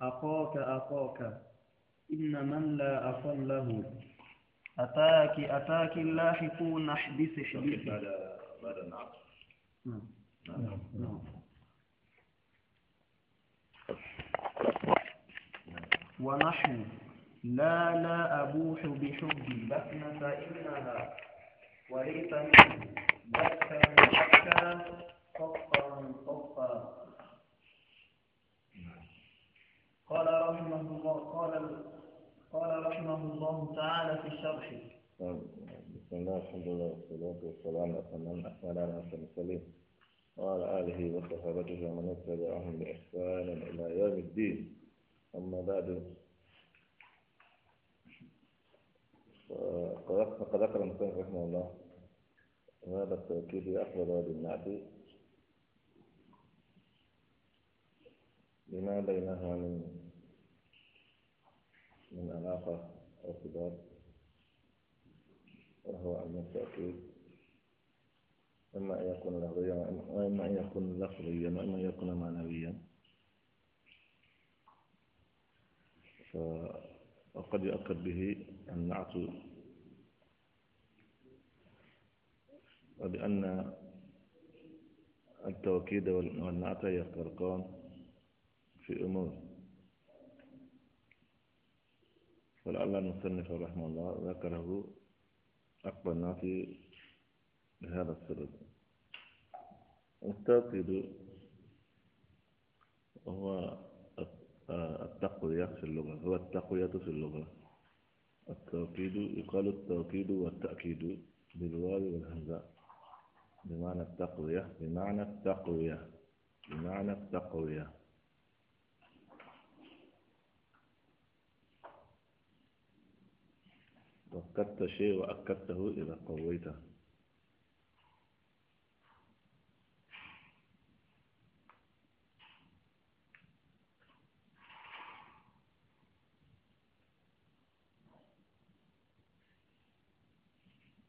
أخاك أخاك إن من لا أصل له أتاك أتاك اللاحقون احبس احبس بعد بعد النعم نعم. نعم نعم لا لا أبوح بحب بكنة إنها وليس منه بكا بكا صفا صفا قال رحمه الله قال قال رحمه الله تعالى في الشرح طيب، بسم الله الحمد لله والصلاة والسلام على من أحسن على أحسن المسلمين وعلى آله وصحبه ومن اتبعهم بإحسان إلى يوم الدين أما بعد فقد ذكر المسلم رحمه الله هذا التوكيد أخبر بالنعدي لما بينها من من أناقة أو خضار وهو أن التأكيد إما أن يكون لغويا وإما أن يكون لفظيا وإما أن يكون معنويا وقد يؤكد به النعت وبأن التوكيد والنعت يفترقان في أمور ولعل المصنف رحمه الله ذكره أكبر الناس بهذا السبب التوكيد هو التقوية في اللغة هو التقوية في اللغة التوكيد يقال التوكيد والتأكيد بالواو والهمزة بمعنى التقوية بمعنى التقوية بمعنى التقوية ضكرت شيء وأكدته إذا قويته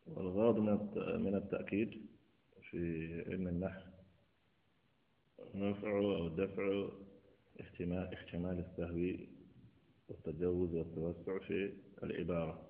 والغرض من التأكيد في علم النحو رفع أو دفع احتمال السهو والتجوز والتوسع في العبارة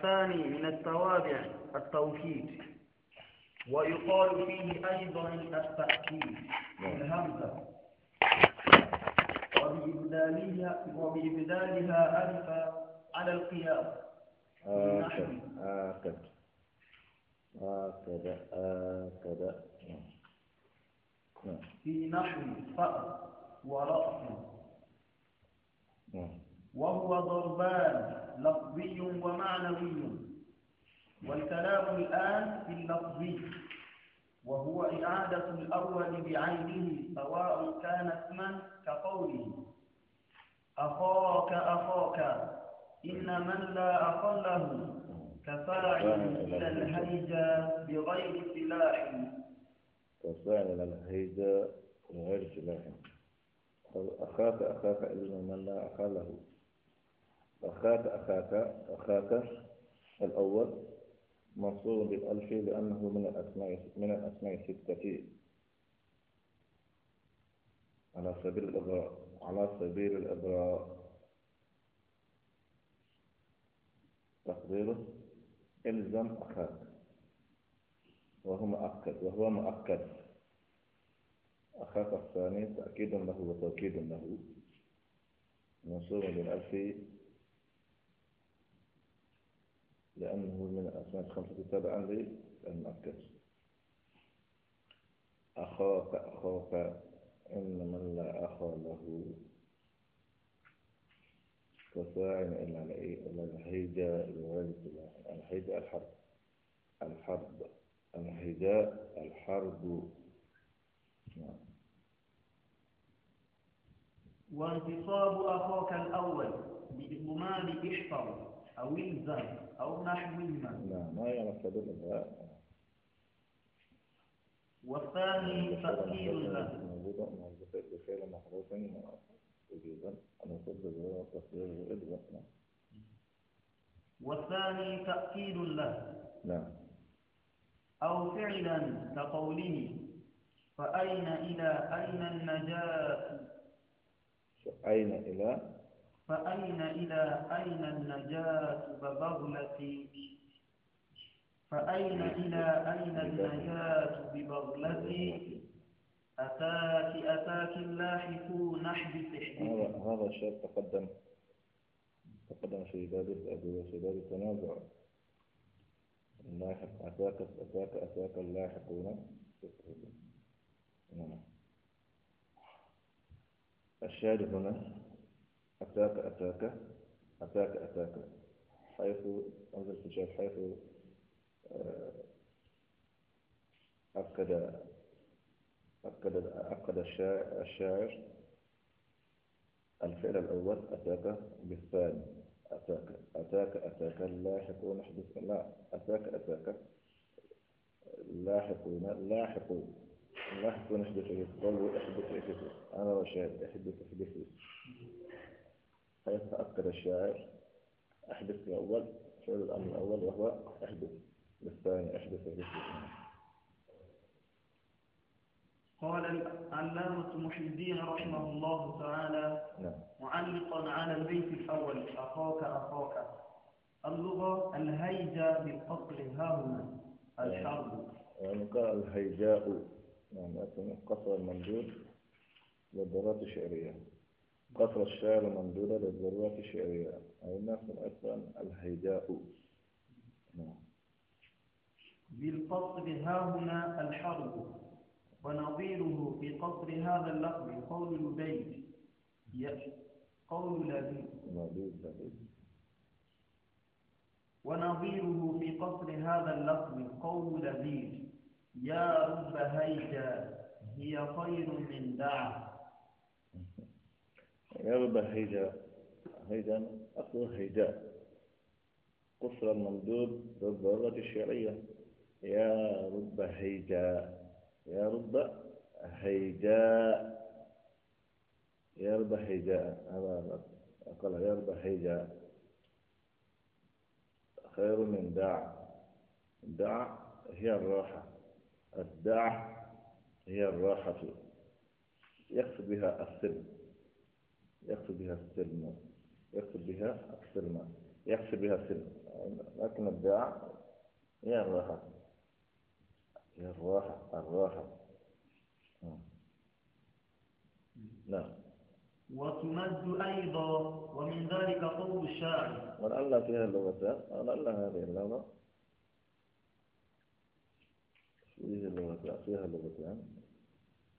الثاني من التوابع التوكيد ويقال فيه أيضا التأكيد الهمزة وبإبدالها وبإبدالها ألف على القيام آكد آكد آكد في نحو فأر ورأس نعم. وهو ضربان لفظي ومعنوي والكلام الآن في اللفظي وهو إعادة الأول بعينه سواء كان اسما كقوله أخاك أخاك إن من لا أقله كفاعل إلى الهيجة بغير سلاح كفاعل الهيجة بغير غير سلاح أخاك أخاك إن من لا أقله أخاك أخاك أخاك الأول منصوب بالألف لأنه من الأسماء من الأسماء الستة على سبيل الإبراء على سبيل الإبراء تقديره إلزم أخاك وهو مؤكد وهو مؤكد أخاك الثاني تأكيد له وتوكيد له منصوب بالألف لأنه من الأسماء الخمسة تبعا للمؤكد أخاك أخاك إن من لا أخ له وساع إلا إلى الهيداء الوالد الهيداء الحرب الحرب الهيداء الحرب نعم وانتصاب أخاك الأول بإضمام احفظ أو الزم أو نحو ما لا ما يمثل الإبهاء والثاني يعني تأثير المن موجودة موجودة بفعل محروف وجوبا المفروض بالغير والتصدير والإبهاء والثاني تأكيد له نعم أو فعلا كقوله فأين إلى أين النجاة أين إلى فأين إلى أين النجاة ببغلتي فأين إلى أين النجاة ببغلتي أتاك أتاك اللاحقون احبس احبس هذا الشيء تقدم تقدم في باب في باب التنازع اللاحق أتاك أتاك أتاك اللاحقون نعم الشاهد هنا أتاك أتاك أتاك أتاك حيث أنزل الحجاب حيث أكد أكد أكد الشاعر الفعل الأول أتاك بالثاني أتاك أتاك أتاك لاحقون حدث لا أتاك أتاك لاحقون لاحقون لاحقون احدث احدث قالوا احدث احدث أنا وشاهد احدث احدث حيث فيتأثر الشاعر أحدث في أول فعل الأمر الأول وهو أحدث للثاني أحدث الثاني قال العلامة محي الدين رحمه الله تعالى نعم. معلقا على البيت الأول أخاك أخاك اللغة الهيجاء بقطر هاهنا الحرب يعني قال الهيجاء يعني أتنقص المنجود للدرات الشعرية قصر الشعر ممدودة للضرورة الشعرية أو الناس أصلا الهيداء نعم. بالقصر ها هنا الحرب ونظيره في قصر هذا اللقب قول لبيد قول لبيد ونظيره في قصر هذا اللقب قول لبيد يا رب هيدا هي خير من دعه يربى هيدا هيدا أصله هيدا قصر الممدود بالضرورة الشرعية يا رب هيدا يا رب هيدا يا رب هيدا هذا أقل يا رب هيدا خير من داع داع هي الراحة الداع هي الراحة يقصد بها السر يغسل بها السلم يغسل بها السلم يغسل بها السلم لكن الداع هي الراحة هي الراحة الراحة نعم وتمد أيضا ومن ذلك قول الشاعر ولعل فيها اللغتان ولعل هذه اللغة فيها اللغتين فيها اللغتان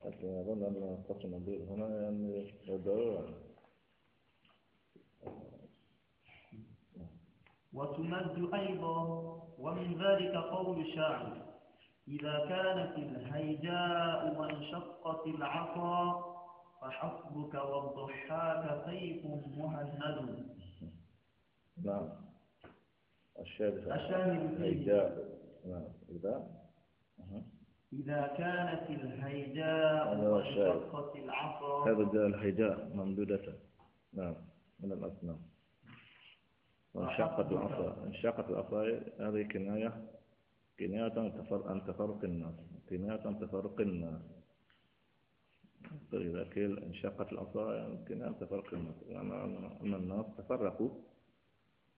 لكن أظن أن قسم البيض هنا يعني يدعوها وتمد أيضا ومن ذلك قول الشاعر إذا كانت الهيجاء وانشقت العصا فحسبك والضحاك سيف مهند نعم الشاهد الهيجاء نعم إذا إذا كانت الهيجاء وانشقت العصا هذا الهيجاء ممدودة نعم من الأصنام وانشقت العصا انشقت العصا هذه كناية كناية عن تفرق الناس كناية عن تفرق الناس إذا قيل انشقت العصا يعني كناية عن تفرق الناس يعني أن الناس تفرقوا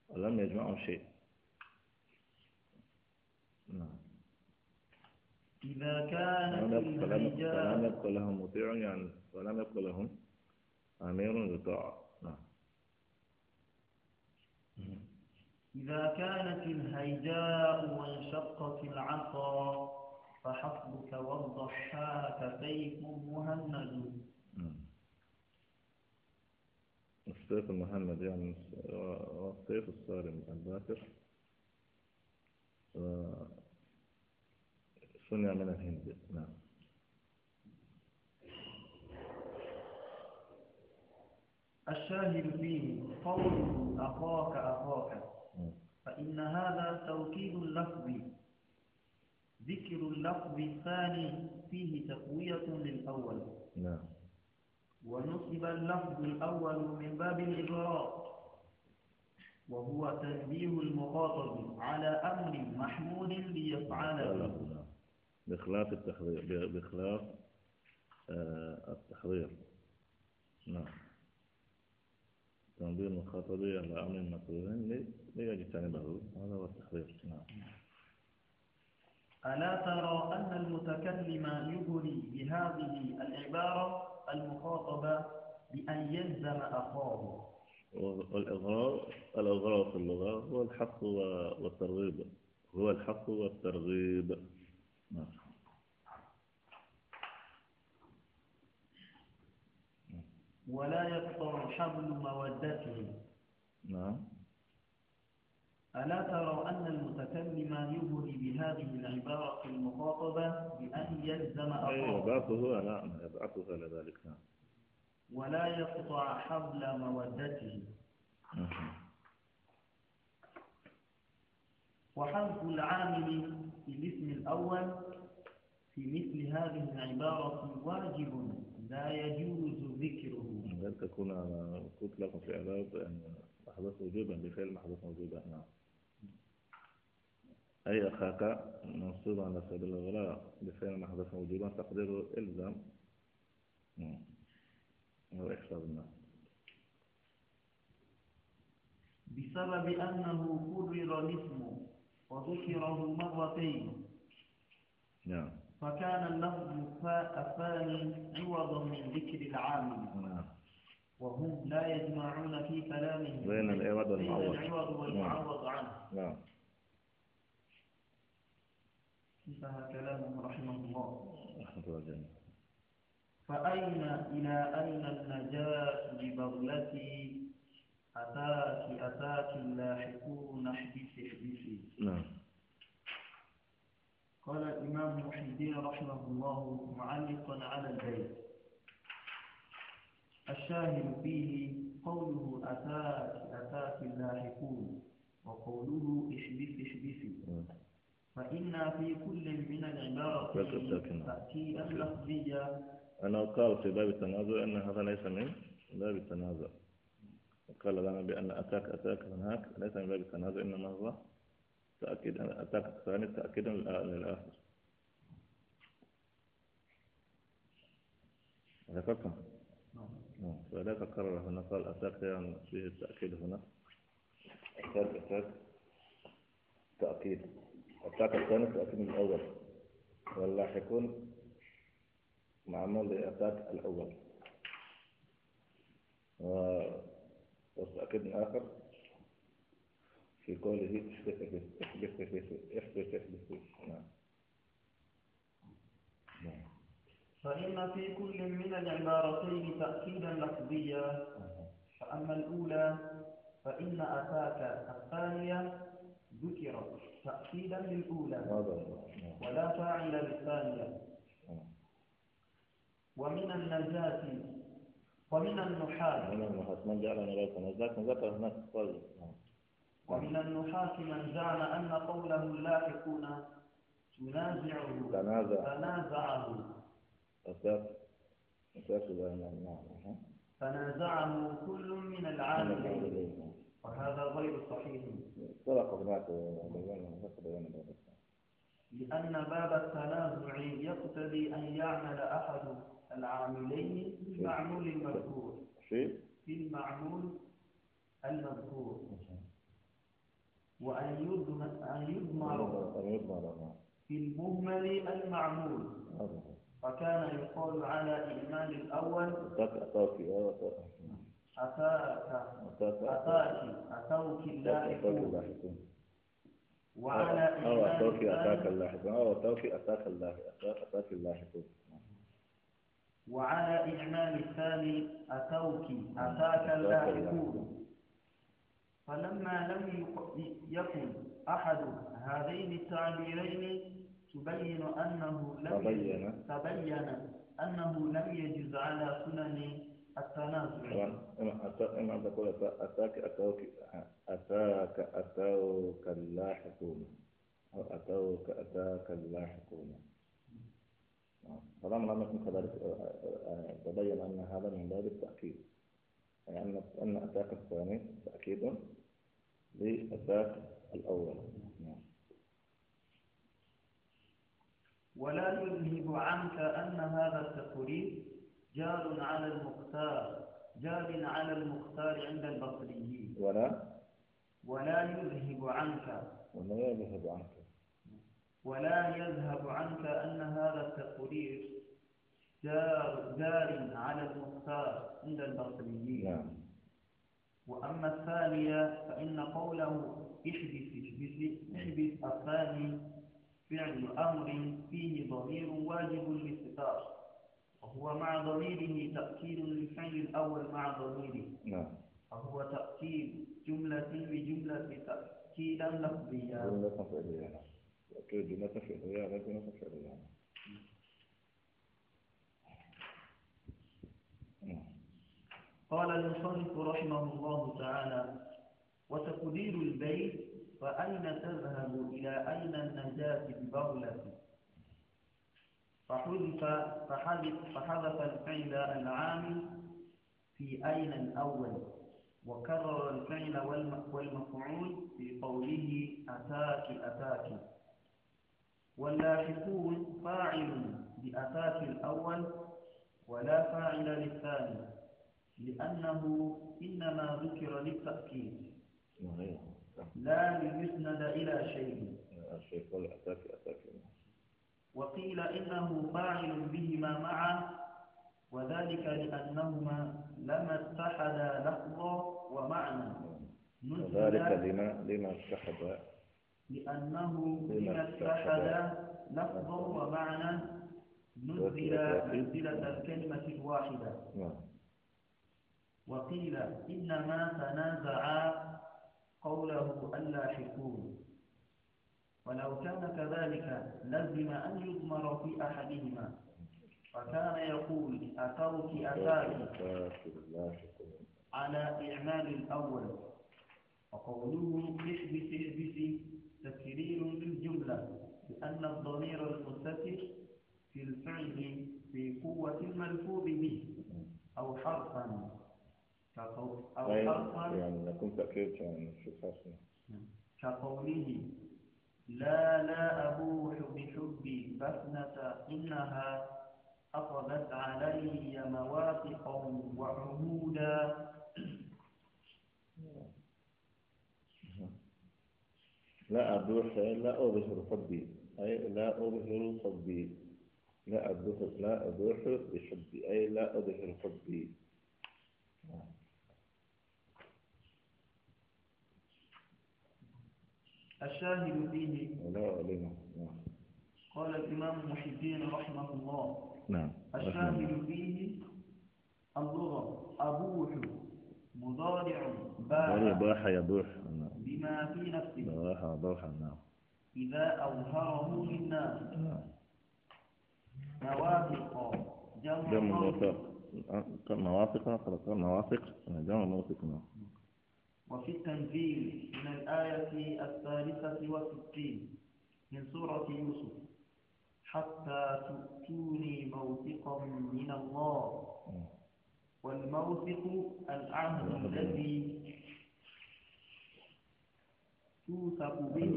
ولم يجمعوا شيء نعم إذا كان فلم يبقى لهم مطيع يعني ولم يبقى لهم أمير يطاع إذا كانت الهيجاء وانشقت العصا فحفظك والضحاك سيف مهند السيف المهند يعني آه، السيف الصارم الباكر آه، صنع من الهند نعم الشاهد فيه قول أخاك أخاك فإن هذا توكيد اللفظ ذكر اللفظ الثاني فيه تقوية للأول نعم ونصب اللفظ الأول من باب الإغراء وهو تنبيه المخاطب على أمر محمود ليفعله نعم. بخلاف التحرير بخلاف آه، التحرير نعم تنظير مخاطبي على أمر مكروه ليجتنبه هذا هو التحرير نعم ألا ترى أن المتكلم يبني بهذه العبارة المخاطبة بأن يلزم أخاه والإغراء الإغراء في اللغة هو الحق والترغيب هو الحق والترغيب نعم ولا يقطع حبل مودته نعم ألا ترى أن المتكلم يبهي بهذه العبارة المخاطبة بأن يلزم أقرب يبعثه أيوة، نعم يبعثه على ذلك نعم ولا يقطع حبل مودته نعم. وحذف العامل في الاسم الأول في مثل هذه العبارة واجب لا يجوز ذكره لن تكون أنا لكم في إعراب أن أحدث وجوبا بفعل أحدث وجوبا نعم أي أخاك منصوب على سبيل الغلاء بفعل أحدث وجوبا تقديره إلزم نعم. وإحفظ الناس نعم. بسبب أنه كرر الاسم وذكره مرتين نعم فكان اللفظ الثاني عوضا من ذكر العام نعم. وهم لا يجمعون في كلامهم بين العوض والمعوض العوض نعم. والمعوض عنه نعم انتهى كلامهم رحمه الله رحمه الله جميعا فأين إلى أن النجاة ببغلتي أتاك أتاك اللاحقون احبسي احبسي نعم قال الإمام محي الدين رحمه الله معلقا على البيت الشاهد فيه قوله أتاك أتاك اللاحقون وقوله اشبث اشبثي فإن في كل من العبارة تأتي اللفظية أنا قال في باب التنازع أن هذا ليس من باب التنازع وقال لنا بأن أتاك أتاك هناك ليس من باب التنازع إنما هو تأكيدا ثاني تأكيدا للآخر ذكرتم نعم. فلا تكرر هنا قال أتاك يعني فيه التأكيد هنا أتاك أتاك تأكيد أتاك الثاني تأكيد الأول واللاحقون معمول لأتاك الأول و... وتأكيد آخر في قوله احبس احبس احبس احبس احبس نعم فإن في كل من العبارتين تأكيدا لفظيا فأما الأولى فإن أتاك الثانية ذكرت تأكيدا للأولى نعم. ولا فاعل للثانية نعم. ومن النجاة ومن النحاة من النحاة من جعلنا إليكم نجاة نجاة هناك طيب. نعم. ومن النحاس من زعم أن قوله اللاحقون تنازعه تنازع تنازعه فنازعه نعم، نعم. كل من العالمين وهذا غير صحيح سبق هناك لأن باب التنازع يقتضي أن يعمل أحد العاملين في المعمول المذكور في المعمول المذكور وأن يضمر نعم. في المهمل المعمول فكان يقول على إهمال الأول أتاك أتاك أتوك اللاحقون وعلى إهمال أتاك أتاك اللاحقون أتاك أتاك أتاك اللاحقون وعلى إعمال الثاني أتوك نعم. أتاك اللاحقون فلما لم يكن أحد هذين التعبيرين تبين أنه لم تبين, تبين أنه لم يجز على سنن التنازع إما تقول أتاك أتاك أتاك أتاك اللاحقون أو نعم. أتاك أتاك اللاحقون طالما لم يكن كذلك آه، آه، آه، تبين أن هذا من باب التأكيد يعني أن الساق الثاني تأكيدا للساق الأول نعم. ولا يذهب عنك أن هذا التقريب جار على المختار جار على المختار عند البصريين ولا ولا يذهب عنك ولا يذهب عنك ولا يذهب عنك أن هذا التقرير جار جار على المختار عند البصريين نعم. وأما الثانية فإن قوله احبس احبس الثاني فعل أمر فيه ضمير واجب للستار وهو مع ضميره تأكيد للفعل الأول مع ضميره نعم. فهو تأكيد جملة بجملة تأكيدا لفظيا جملة فعلية جملة فعلية قال المصنف رحمه الله تعالى وتقدير البيت فأين تذهب إلى أين النجاة ببغلة فحذف فحذف فحذف الفعل العامل في أين الأول وكرر الفعل والمفعول في قوله أتاك أتاك واللاحقون فاعل بأتاك الأول ولا فاعل للثاني لأنه إنما ذكر للتأكيد لا ليسند إلى شيء وقيل إنه فاعل بهما معا وذلك لأنهما لما اتحدا لفظا ومعنى وذلك لما لما اتحدا لأنه لما اتحدا لفظا ومعنى نزل منزلة الكلمة الواحدة نعم وقيل إنما تنازعا قوله ألا حكوم ولو كان كذلك لزم أن يضمر في أحدهما فكان يقول أتوك أتاك على إعمال الأول وقوله احبس احبس تكرير للجملة لأن الضمير المستتر في الفعل في قوة الملفوظ به أو حرفا يعني نعم. كقوله لا لا أبوح بحبي فافنة إنها أخذت علي مواثقا وعمودا لا أبوح لا أظهر حبي أي لا أظهر حبي لا أبوح لا أبوح بحبي أي لا أظهر حبي الشاهد فيه لا علينا نعم. قال الإمام محبين رحمه الله نعم الشاهد فيه اللغة أبوح مضارع باح باح يبوح نعم. بما في نفسه باح باح نعم إذا أظهره للناس نعم. نوافق جمع موافق نوافق نوافق جمع نوافق نعم وفي التنزيل من الآية الثالثة والستين من سورة يوسف حتى تؤتوني موثقا من الله والموثق العهد الذي توثق به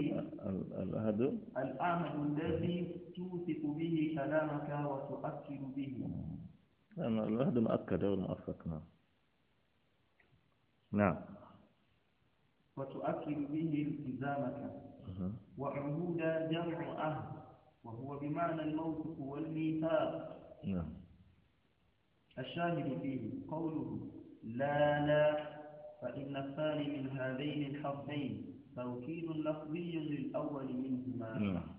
العهد العهد الذي توثق به كلامك وتؤكد به نعم، العهد مؤكد ولا نعم نعم وتؤكد به التزامك وعهود جمع عهد وهو بمعنى الموت والميثاق نعم. الشاهد فيه قوله لا لا فإن الثاني من هذين الحرفين توكيد لفظي للأول منهما نعم.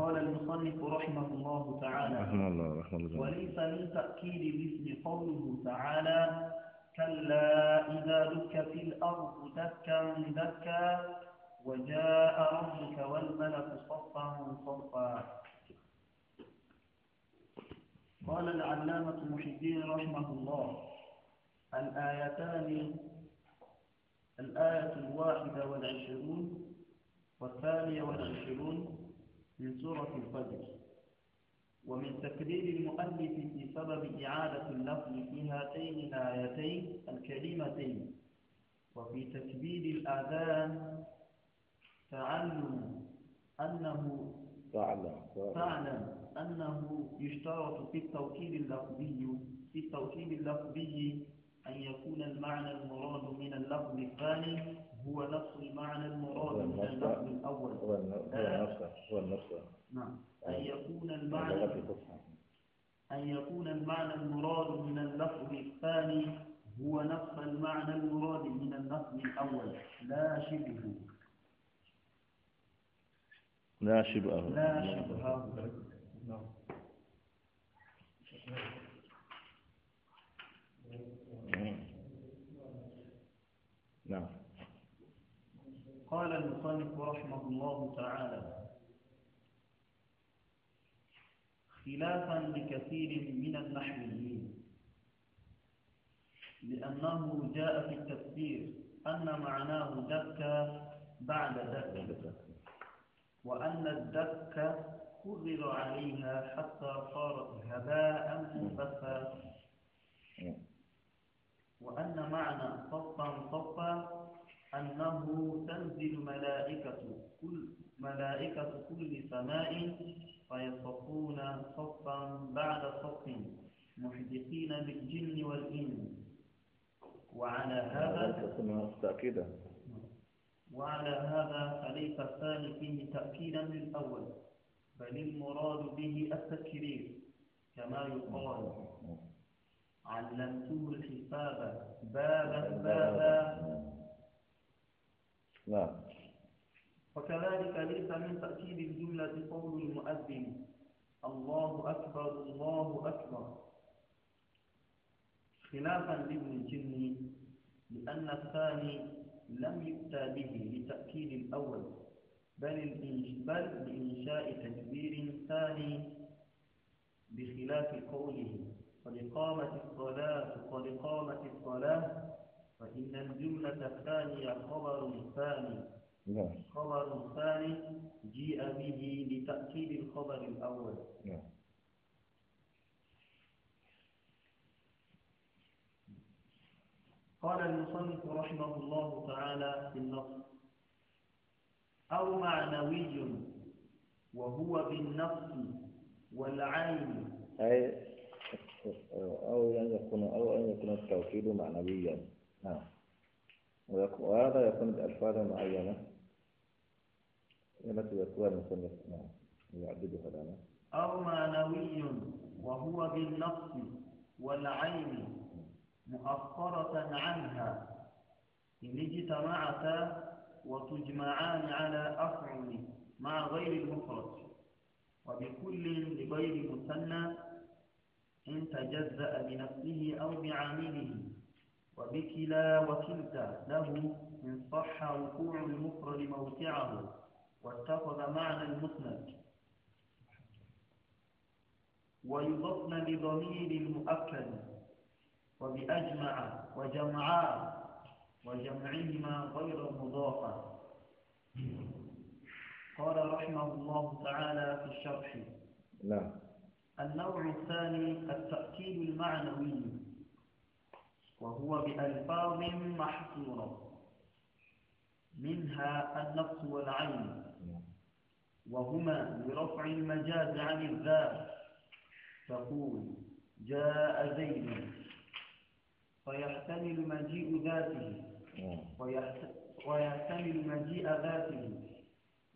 قال المصنف رحمه الله تعالى رحمه الله رحمه الله وليس من تأكيد الاسم قوله تعالى كلا إذا دكت الأرض دكا دكا وجاء ربك والملك صفا صفا قال العلامة محي رحمه الله الآيتان الآية الواحدة والعشرون والثانية والعشرون من سورة الفجر ومن تكرير المؤلف في سبب إعادة اللفظ في هاتين الآيتين الكريمتين وفي تكبير الآذان تعلم أنه تعلم تعلم أنه يشترط في التوكيد اللفظي في التوكيد اللفظي أن يكون المعنى المراد من اللفظ الثاني هو نفس المعنى المراد من اللفظ الأول هو آه. النفس هو النفس نعم آه. أن يكون يعني المعنى أن يكون المعنى المراد من اللفظ الثاني هو نفس المعنى المراد من اللفظ الأول لا شبهه لا شبهه لا شبهه نعم, نعم. قال المصنف رحمه الله تعالى خلافا لكثير من النحويين لأنه جاء في التفسير أن معناه دك بعد دك وأن الدك كرر عليها حتى صارت هباء منبثا وأن معنى صفا صفا أنه تنزل ملائكة كل ملائكة كل سماء فيصفون صفا بعد صف محدثين بالجن والإنس وعلى هذا تأكيدا وعلى هذا فليس الثاني فيه تأكيدا للأول بل المراد به التكرير كما يقال نعم. علمته الحساب بابا بابا نعم. نعم وكذلك ليس من تأكيد الجملة قول المؤذن الله أكبر الله أكبر خلافا لابن الجن لأن الثاني لم يؤتى به لتأكيد الأول بل بل لإنشاء تكبير ثاني بخلاف قوله قد قامت الصلاة قد قامت الصلاة فإن الجملة الثانية خبر ثاني نعم. خبر ثاني جيء به لتأكيد الخبر الأول نعم. قال المصنف رحمه الله تعالى في النص أو معنوي وهو بالنفس والعين أي أو أن يكون أو أن يكون التوكيد معنويا نعم وهذا يكون بألفاظ معينة التي يذكرها المصنف نعم يعددها لنا أو معنوي وهو بالنفس والعين مؤخرة عنها إن اجتمعتا وتجمعان على أفعل مع غير المفرد وبكل لغير مثنى إن تجزأ بنفسه أو بعامله وبكلا وكلتا له إن صح وقوع المفرد موقعه واتخذ معنى المسند ويضطن بضمير المؤكد وبأجمع وجمعا وجمعهما غير مضافة قال رحمه الله تعالى في الشرح نعم النوع الثاني التأكيد المعنوي وهو بألفاظ محصورة منها النفس والعين وهما برفع المجاز عن الذات تقول جاء زيد فيحتمل مجيء ذاته ويحتمل مجيء ذاته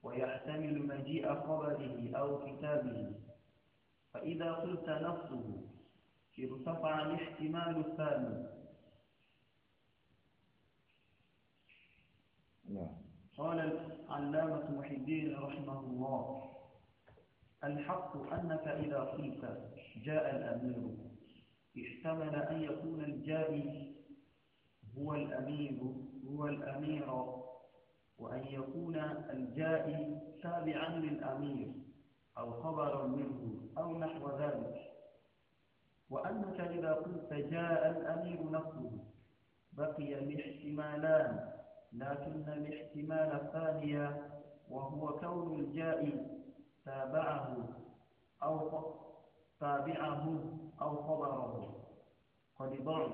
ويحتمل مجيء خبره أو كتابه فإذا قلت نفسه ارتفع الاحتمال الثاني نعم. قال العلامة محي الدين رحمه الله الحق أنك إذا قلت جاء الأمير احتمل أن يكون الجائي هو الأمير هو الأمير وأن يكون الجائي تابعا للأمير أو خبرا منه أو نحو ذلك وأنك إذا قلت جاء الأمير نفسه بقي الاحتمالان لكن الاحتمال الثاني وهو كون الجائز تابعه أو تابعه أو خبره قد ضعف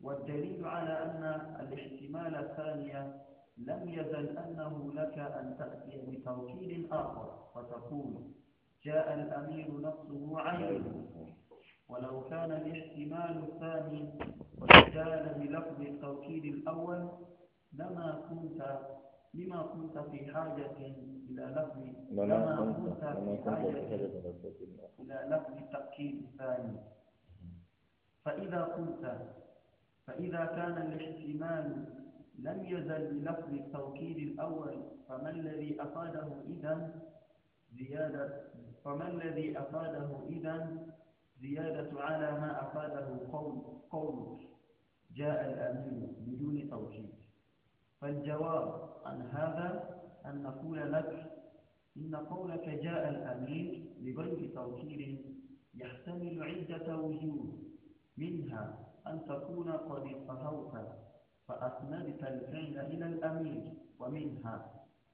والدليل على أن الاحتمال الثاني لم يزل أنه لك أن تأتي بتوكيل آخر فتقول جاء الأمير نفسه عينه ولو كان الاحتمال الثاني واستدال بلفظ التوكيل الأول لما كنت لما كنت في حاجة إلى لفظ لما كنت في حاجة إلى لفظ تأكيد الثاني فإذا قلت فإذا كان الاحتمال لم يزل بلفظ التوكيد الأول فما الذي أفاده إذا زيادة فما الذي أفاده إذا زيادة على ما أفاده قول قول جاء الأمين بدون توكيد فالجواب عن هذا أن نقول لك إن قولك جاء الأمير لغير توكيل يحتمل عدة وجوه منها أن تكون قد استهوت فأسندت الفعل إلى الأمير ومنها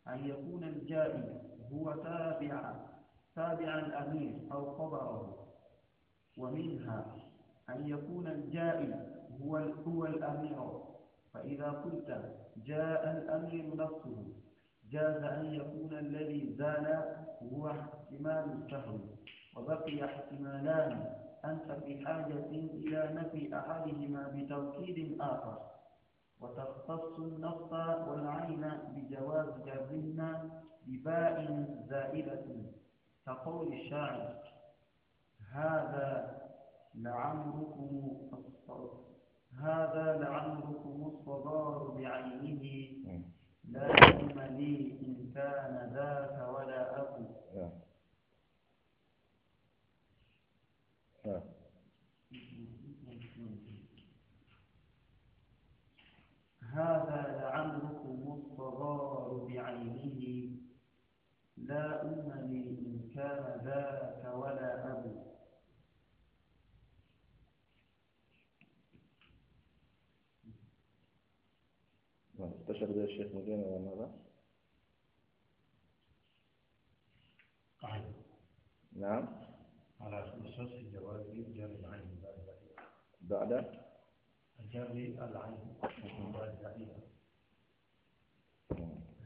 أن يكون الجائز هو تابع تابع الأمير أو خبره ومنها أن يكون الجائز هو هو الأمير فإذا قلت جاء الأمير نفسه جاز أن يكون الذي زال هو احتمال الشهر وبقي احتمالان أنت في حاجة إلى نفي أحدهما بتوكيد آخر وتختص النص والعين بجواز جازمنا بباء زائدة كقول الشاعر هذا لعمركم الصوت هذا لعمركم الصبار بعينه لا علم لي إن كان ذاك ولا أبو هذا لعمركم الصغار بعينه لا أم لي إن كان ذاك ولا أبو الشيخ زي الشيخ مدينة ولا ماذا؟ نعم على خصوص الجواب يجري العين بعد جري العين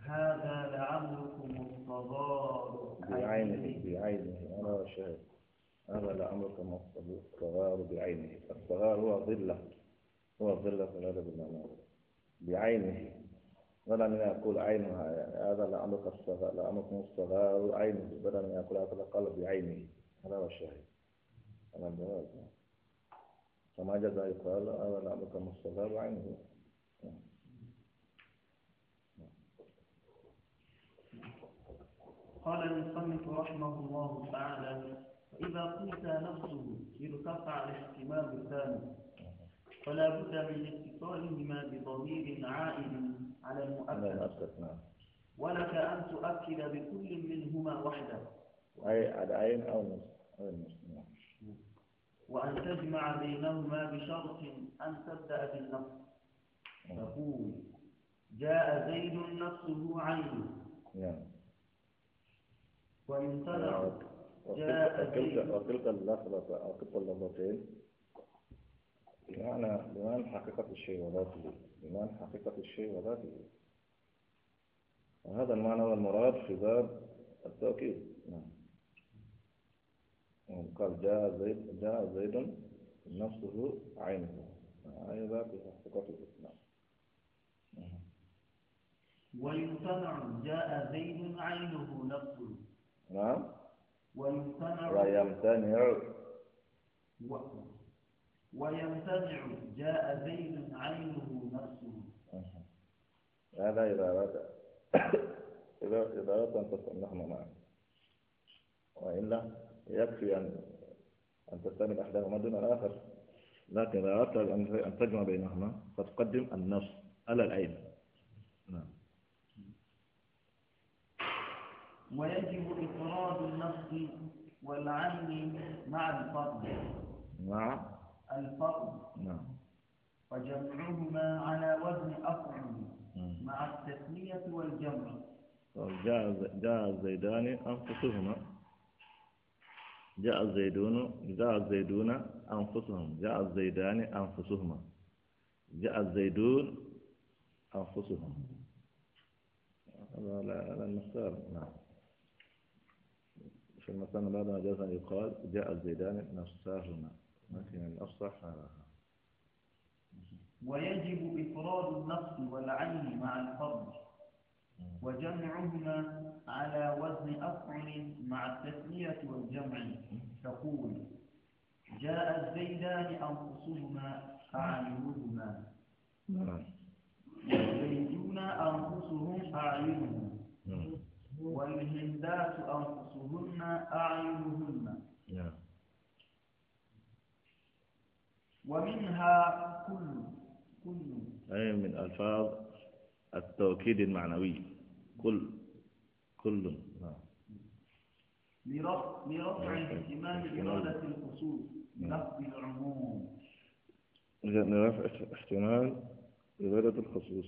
هذا لعمركم الصغار بعينه بعينه أنا شاهد هذا لعمركم الصغار بعينه الصغار هو ظلة هو ظلة في الأدب المعنوي بعينه بدل ما يقول عينها هذا لعمق الصغار لعمق الصغار عينه بدل ما يقول هذا القلب بعينه هذا هو الشاهد هذا الجواز فما جزاء يقال هذا لعمق الصغار عينه قال المصنف رحمه الله تعالى فإذا قلت نفسه ارتفع الاحتمال الثاني فلا بد من اتصالهما بضمير عائد على المؤكد نعم. ولك أن تؤكد بكل منهما وحده أي على عين أو نصف نعم. وأن تجمع بينهما بشرط أن تبدأ بالنص نعم. تقول جاء زيد نفسه عينه وإن تلق جاء زيد وتلك اللفظة أو تلك اللفظتين بمعنى بمعنى حقيقة الشيء وذاته بمعنى حقيقة الشيء وذاته وهذا المعنى والمراد في باب التوكيد نعم قال جاء زيد جاء زيد نفسه عينه أي ذاته حقيقته نعم ويمتنع جاء زيد عينه نفسه نعم ويمتنع ويمتنع ويمتنع جاء زيد عينه نفسه هذا إذا أردت إذا إذا أردت أن تستملحنا معا وإلا يكفي أن أن تستعمل أحدهما دون الآخر لكن إذا أردت أن تجمع بينهما فتقدم النص على العين نعم ويجب إفراد النص والعين مع الفضل مع الفضل نعم وجمعهما على وزن أفعل مع التسمية والجمع طيب، جاء زيدان أنفسهما جاء زيدون جاء زيدون أنفسهم جاء الزيدان أنفسهما جاء الزيدون أنفسهم هذا لا نختار نعم في المثال بعد ما جاء يقال جاء الزيدان نفساهما لكن أفصح آه. ويجب إفراد النفس والعين مع الفرد وجمعهما على وزن أفعل مع التثنية والجمع تقول جاء الزيدان أنفسهما أعينهما نعم. والزيدون أنفسهم أعينهم نعم. والهندات أنفسهن أعينهن نعم. ومنها كل كل أي من ألفاظ التوكيد المعنوي كل كل نعم لرفع نعم. احتمال إرادة الخصوص بلفظ العموم لرفع احتمال إرادة الخصوص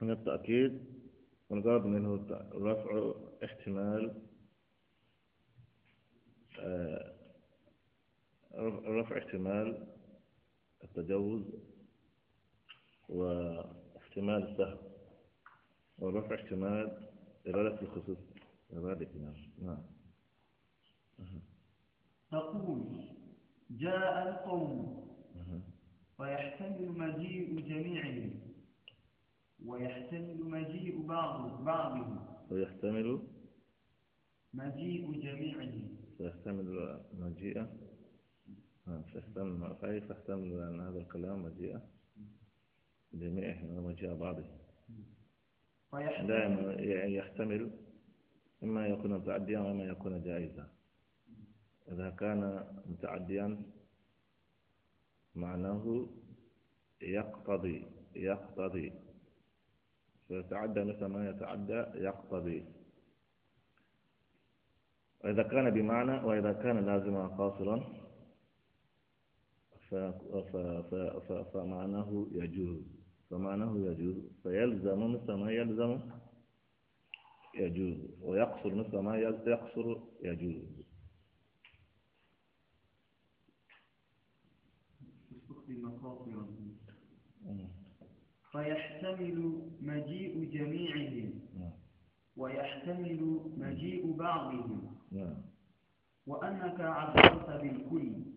من التأكيد ونقرب منه رفع احتمال آه رفع احتمال التجوز واحتمال السهم ورفع احتمال إرادة الخصوص إرادة نعم. نعم تقول جاء القوم ويحتمل مجيء جميعهم ويحتمل مجيء بعض بعضهم ويحتمل مجيء جميعهم ويحتمل مجيء فاحتمل أي فاحتمل أن هذا الكلام مجيء جميعه ومجيء بعضه دائما يعني يحتمل إما يكون متعديا وإما يكون جائزا إذا كان متعديا معناه يقتضي يقتضي فيتعدى مثل ما يتعدى يقتضي وإذا كان بمعنى وإذا كان لازما قاصرا فمعناه يجوز فمعناه يجوز فيلزم مثل ما يلزم يجوز ويقصر مثل ما يقصر يجوز فيحتمل مجيء جميعهم نعم. ويحتمل مجيء بعضهم نعم. وأنك عبرت بالكل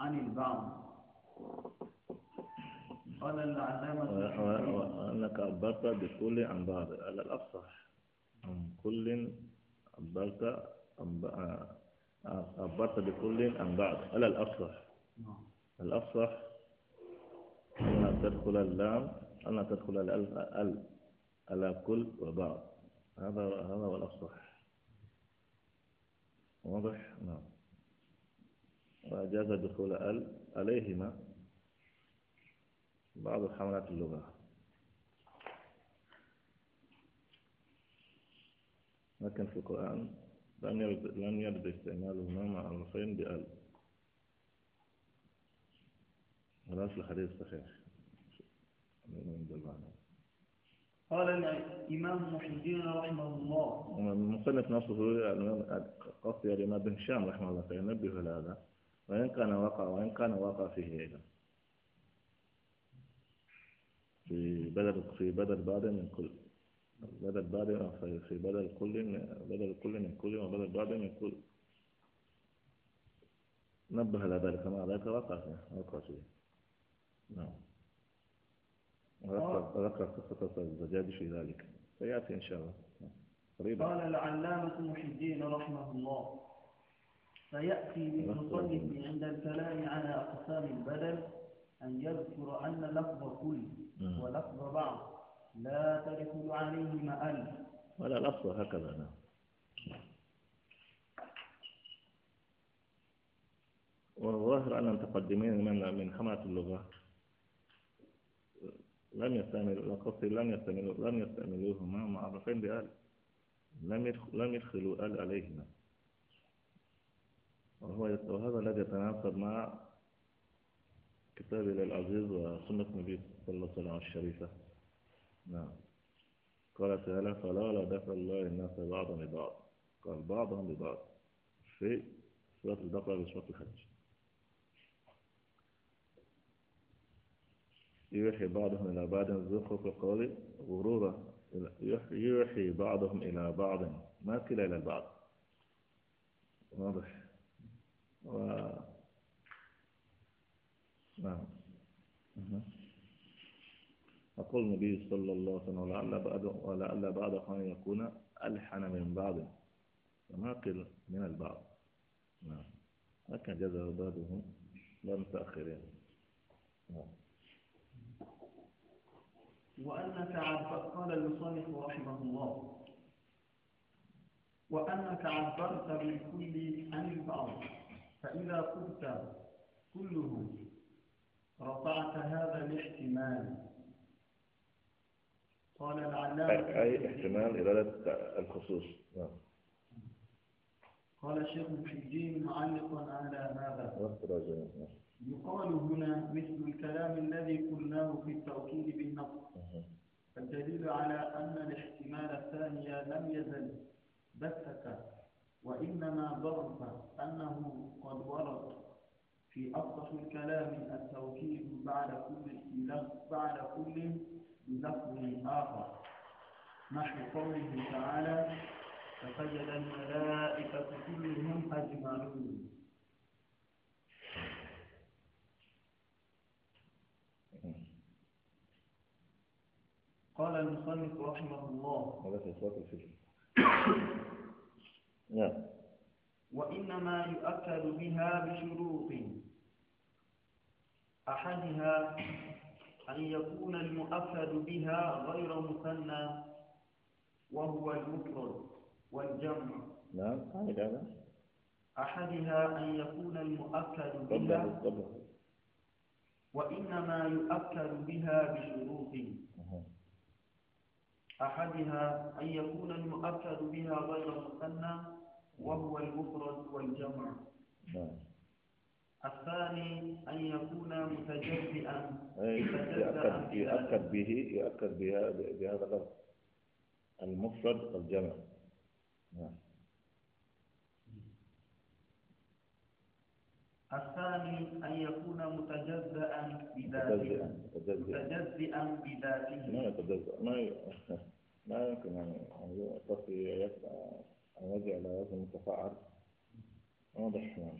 عن البعض قال العلامة وأنك عبرت بكل عن بعض على الأفصح عن كل عبرت عبرت آه، بكل عن بعض على الأفصح نعم. الأفصح أن تدخل اللام أن تدخل الألف أل على كل وبعض هذا هذا هو الأفصح واضح نعم وجاز دخول ال عليهما بعض حملات اللغة لكن في القرآن لم يرد لم يرد استعمالهما مع النصين بأل هذا في الحديث الصحيح قال الإمام محي الدين رحمه الله مصنف نصه قصد الإمام بن هشام رحمه الله فينبه لهذا وإن كان وقع وإن كان وقع فيه أيضا في بدل في بدل بعض من كل بدل بعض في بدل كل بدل كل من كل وبدل بعض من كل نبه على ذلك ما ذلك وقع فيه وقع فيه نعم وذكر آه. قصة الزجاج في ذلك سيأتي إن شاء الله نعم. قريبا قال العلامة محي الدين رحمه الله فيأتي بالمصنف عند الكلام على أقسام البدل أن يذكر أن لفظ كل ولفظ بعض لا تدخل عليه مأل ولا لفظ هكذا نعم والظاهر أن المتقدمين من من حماة اللغة لم يستعملوا قصدي لم يستعملوا لم يستعملوهما معرفين بأل لم يدخلوا أل عليهما وهو وهذا الذي يتناسب مع كتاب العزيز وسنة النبي صلى الله عليه وسلم الشريفة نعم قال تعالى فلولا دفع الله الناس بعضا لبعض قال بعضهم لبعض في سورة البقرة وسورة الحج يوحي بعضهم إلى بعض زخرف القول غرورا يوحي بعضهم إلى بعض ما كلا إلى البعض واضح و نعم أقول النبي صلى الله عليه وسلم لعل بعد ولعل بعد أن يكون ألحن من بعض كما قيل من البعض نعم لكن جزى بعضهم لم تأخرين يعني. نعم وأن تعبر قال المصنف رحمه الله وأن عبرت بالكل عن البعض فإذا قلت كله رفعت هذا الاحتمال قال العلامة أي احتمال إرادة الخصوص نعم قال الشيخ محي الدين معلقا على هذا نعم. يقال هنا مثل الكلام الذي قلناه في التوكيد بالنص الدليل على أن الاحتمال الثاني لم يزل بثك وإنما ضرب أنه قد ورد في أصح الكلام التوكيد بعد كل بعد كل بلفظ آخر نحو قوله تعالى فسجد الملائكة كلهم أجمعون قال المصنف رحمه الله صوت نعم وإنما يؤكد بها بشروط أحدها أن يكون المؤكد بها غير مثنى وهو المفرد والجمع نعم هذا أحدها أن يكون المؤكد بها وإنما يؤكد بها بشروط أحدها أن يكون المؤكد بها غير مثنى وهو المفرد والجمع نعم الثاني أن يكون متجزئا يؤكد, يؤكد به يؤكد بها بهذا اللفظ المفرد والجمع نعم الثاني أن يكون متجزئا بذاته متجزئا بذاته ما يتجزأ ما ما يمكن أن يتصل الوجه على وزن متفاعل واضح نعم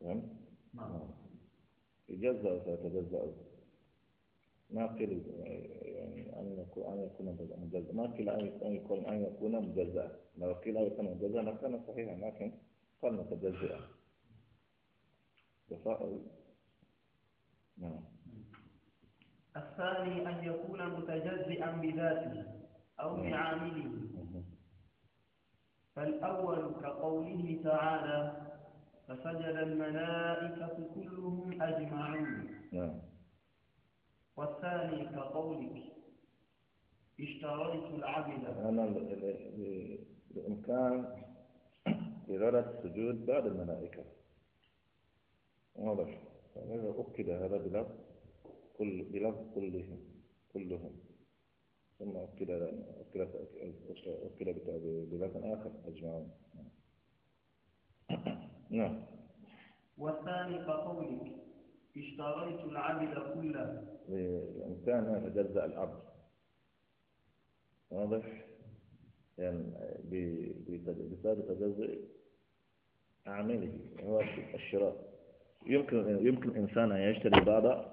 تمام نعم يجزأ وسيتجزأ ناقل يعني أن يكون أن يكون مجزأ ناقل أن يكون أن يكون مجزأ لو قيل أن يكون مجزأ لكان صحيحا لكن قال متجزئا تفاؤل نعم الثاني أن يكون متجزئا بذاته أو نعم. بعامله فالأول كقوله تعالى فسجد الملائكة كلهم أجمعون نعم. والثاني كقولك اشتريت العبد أنا بإمكان إرادة السجود بعد الملائكة واضح فإذا أكد هذا بلفظ كل بلفظ كلهم كلهم ثم أكل أكل أكل بذات آخر أجمعون نعم. نعم والثاني كقولك اشتريت العبد كله الإنسان هذا جزأ العبد واضح يعني بسبب تجزئ أعماله هو الشراء يمكن يمكن الإنسان أن يشتري بعض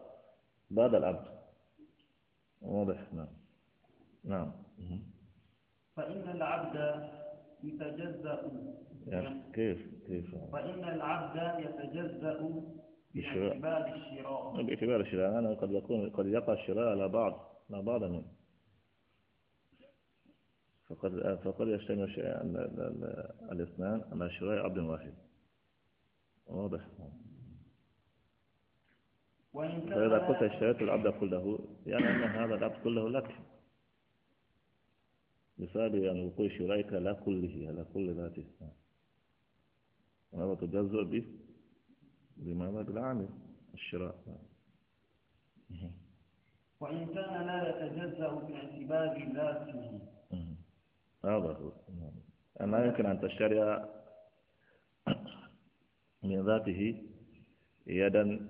بعض العبد واضح نعم نعم فإن العبد يتجزأ كيف كيف فإن العبد يتجزأ باعتبار الشراء نعم، باعتبار الشراء أنا قد يكون قد يقع الشراء على بعض على بعض منه فقد فقد يشتمل الاثنان على شراء عبد واحد واضح فإذا قلت اشتريت العبد كله يعني أن هذا العبد كله لك مثال يعني وقوع شرائك على كله على كل ذاته وهذا تجزأ به لماذا العامل الشراء وإن كان لا يتجزأ باعتبار ذاته آه، هذا هو يعني لا يمكن أن تشتري من ذاته يدا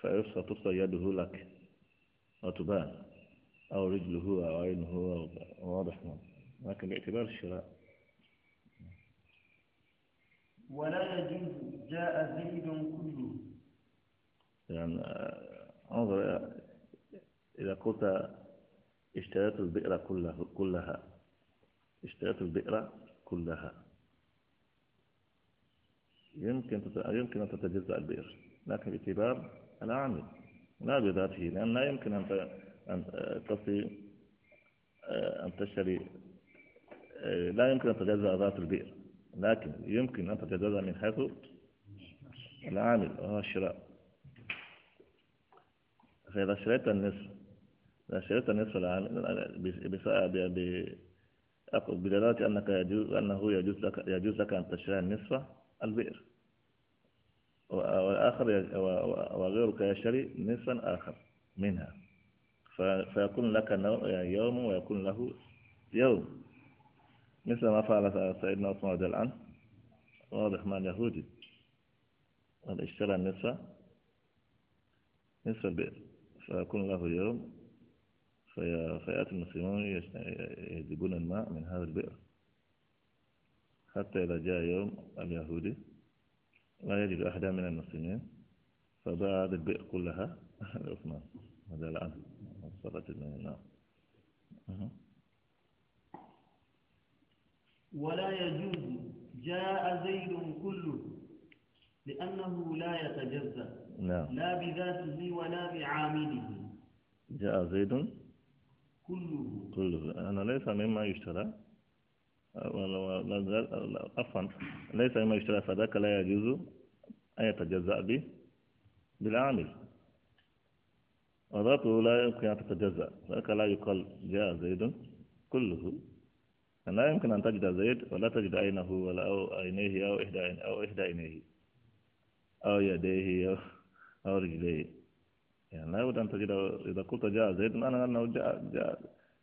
فيفسى يده لك وتبان أو رجله هو أو عينه هو واضح لكن باعتبار الشراء ولا يجوز جاء زيد كله يعني آه، انظر إذا قلت اشتريت البئر كله كلها اشتريت البئر كلها يمكن يمكن أن تتجزأ البئر لكن باعتبار العامل لا بذاته لأن لا يمكن أن تصي أن تشتري لا يمكن أن تتجزأ ذات البئر لكن يمكن أن تتجزأ من حيث العامل وهو الشراء فإذا اشتريت النصف إذا اشتريت النصف العامل بدلالة أنك يجوز أنه يجوز لك يجوز لك أن تشتري النصف البئر والآخر وغيرك يشتري نصفا آخر منها فيكون لك يوم ويكون له يوم مثل ما فعل سيدنا عثمان رضي الله عنه واضح مع اليهودي اشترى النساء نصف البئر فيكون له يوم في... فيأتي المسلمون يجيبون الماء من هذا البئر حتى إذا جاء يوم اليهودي لا يجد أحدا من المسلمين فباع هذه البئر كلها لعثمان رضي الله عنه الرجل من النار ولا يجوز جاء زيد كله لأنه لا يتجزأ نعم. لا بذاته ولا بعامله جاء زيد كله كله أنا ليس مما يشترى عفوا ليس مما يشترى فذاك لا يجوز أن يتجزأ به بالعامل وضعته لا يمكن أن تتجزأ ذلك لا يقال جاء زيد كله لا يمكن أن تجد زيد ولا تجد عينه ولا أو عينيه أو إحدى عينيه أو إحدى عينيه أو يديه أو, أو رجليه يعني لا بد أن تجد إذا قلت جاء زيد معنى أنه جاء جاء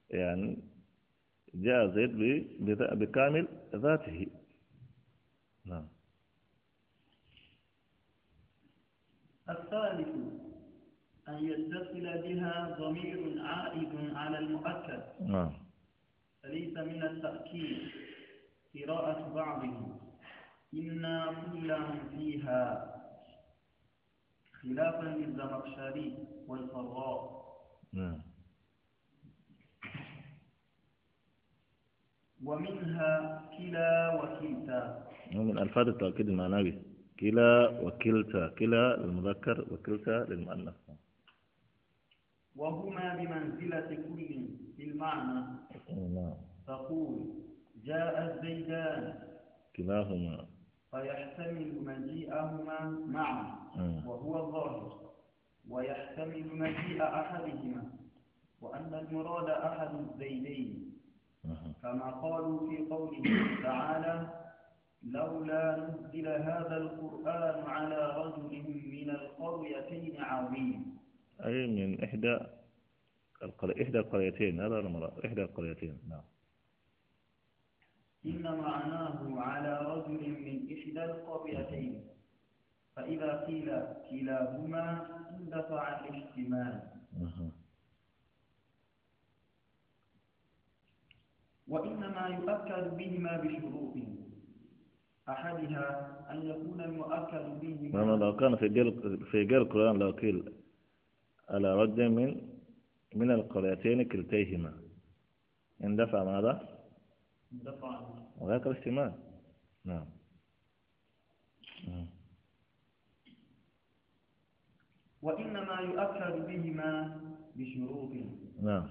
يعني جاء زيد بكامل ذاته نعم الثالث أن يتصل بها ضمير عائد على المؤكد نعم فليس من التأكيد قراءة بعضهم إنا كلهم فيها خلافا للزمخشري والفراء نعم ومنها كلا وكلتا ومن ألفاظ التأكيد المعنوي كلا وكلتا كلا للمذكر وكلتا للمؤنث وهما بمنزلة كل في المعنى تقول نعم. جاء الزيدان كلاهما فيحتمل مجيئهما معا نعم. وهو الظاهر ويحتمل مجيء أحدهما وأن المراد أحد الزيدين كما قالوا في قوله تعالى لولا نزل هذا القرآن على رجل من القريتين عظيم أي من إحدى القرية إحدى القريتين هذا المرأة إحدى القريتين نعم إن معناه على رجل من إحدى القريتين فإذا قيل كلاهما اندفع الاحتمال وإنما يؤكد بهما بشروط أحدها أن يكون المؤكد بهما لو كان في جل في جل القرآن لو قيل على رد من من القريتين كلتيهما اندفع ماذا؟ اندفع وذاك الاحتمال نعم وإنما يؤكد بهما بشروط نعم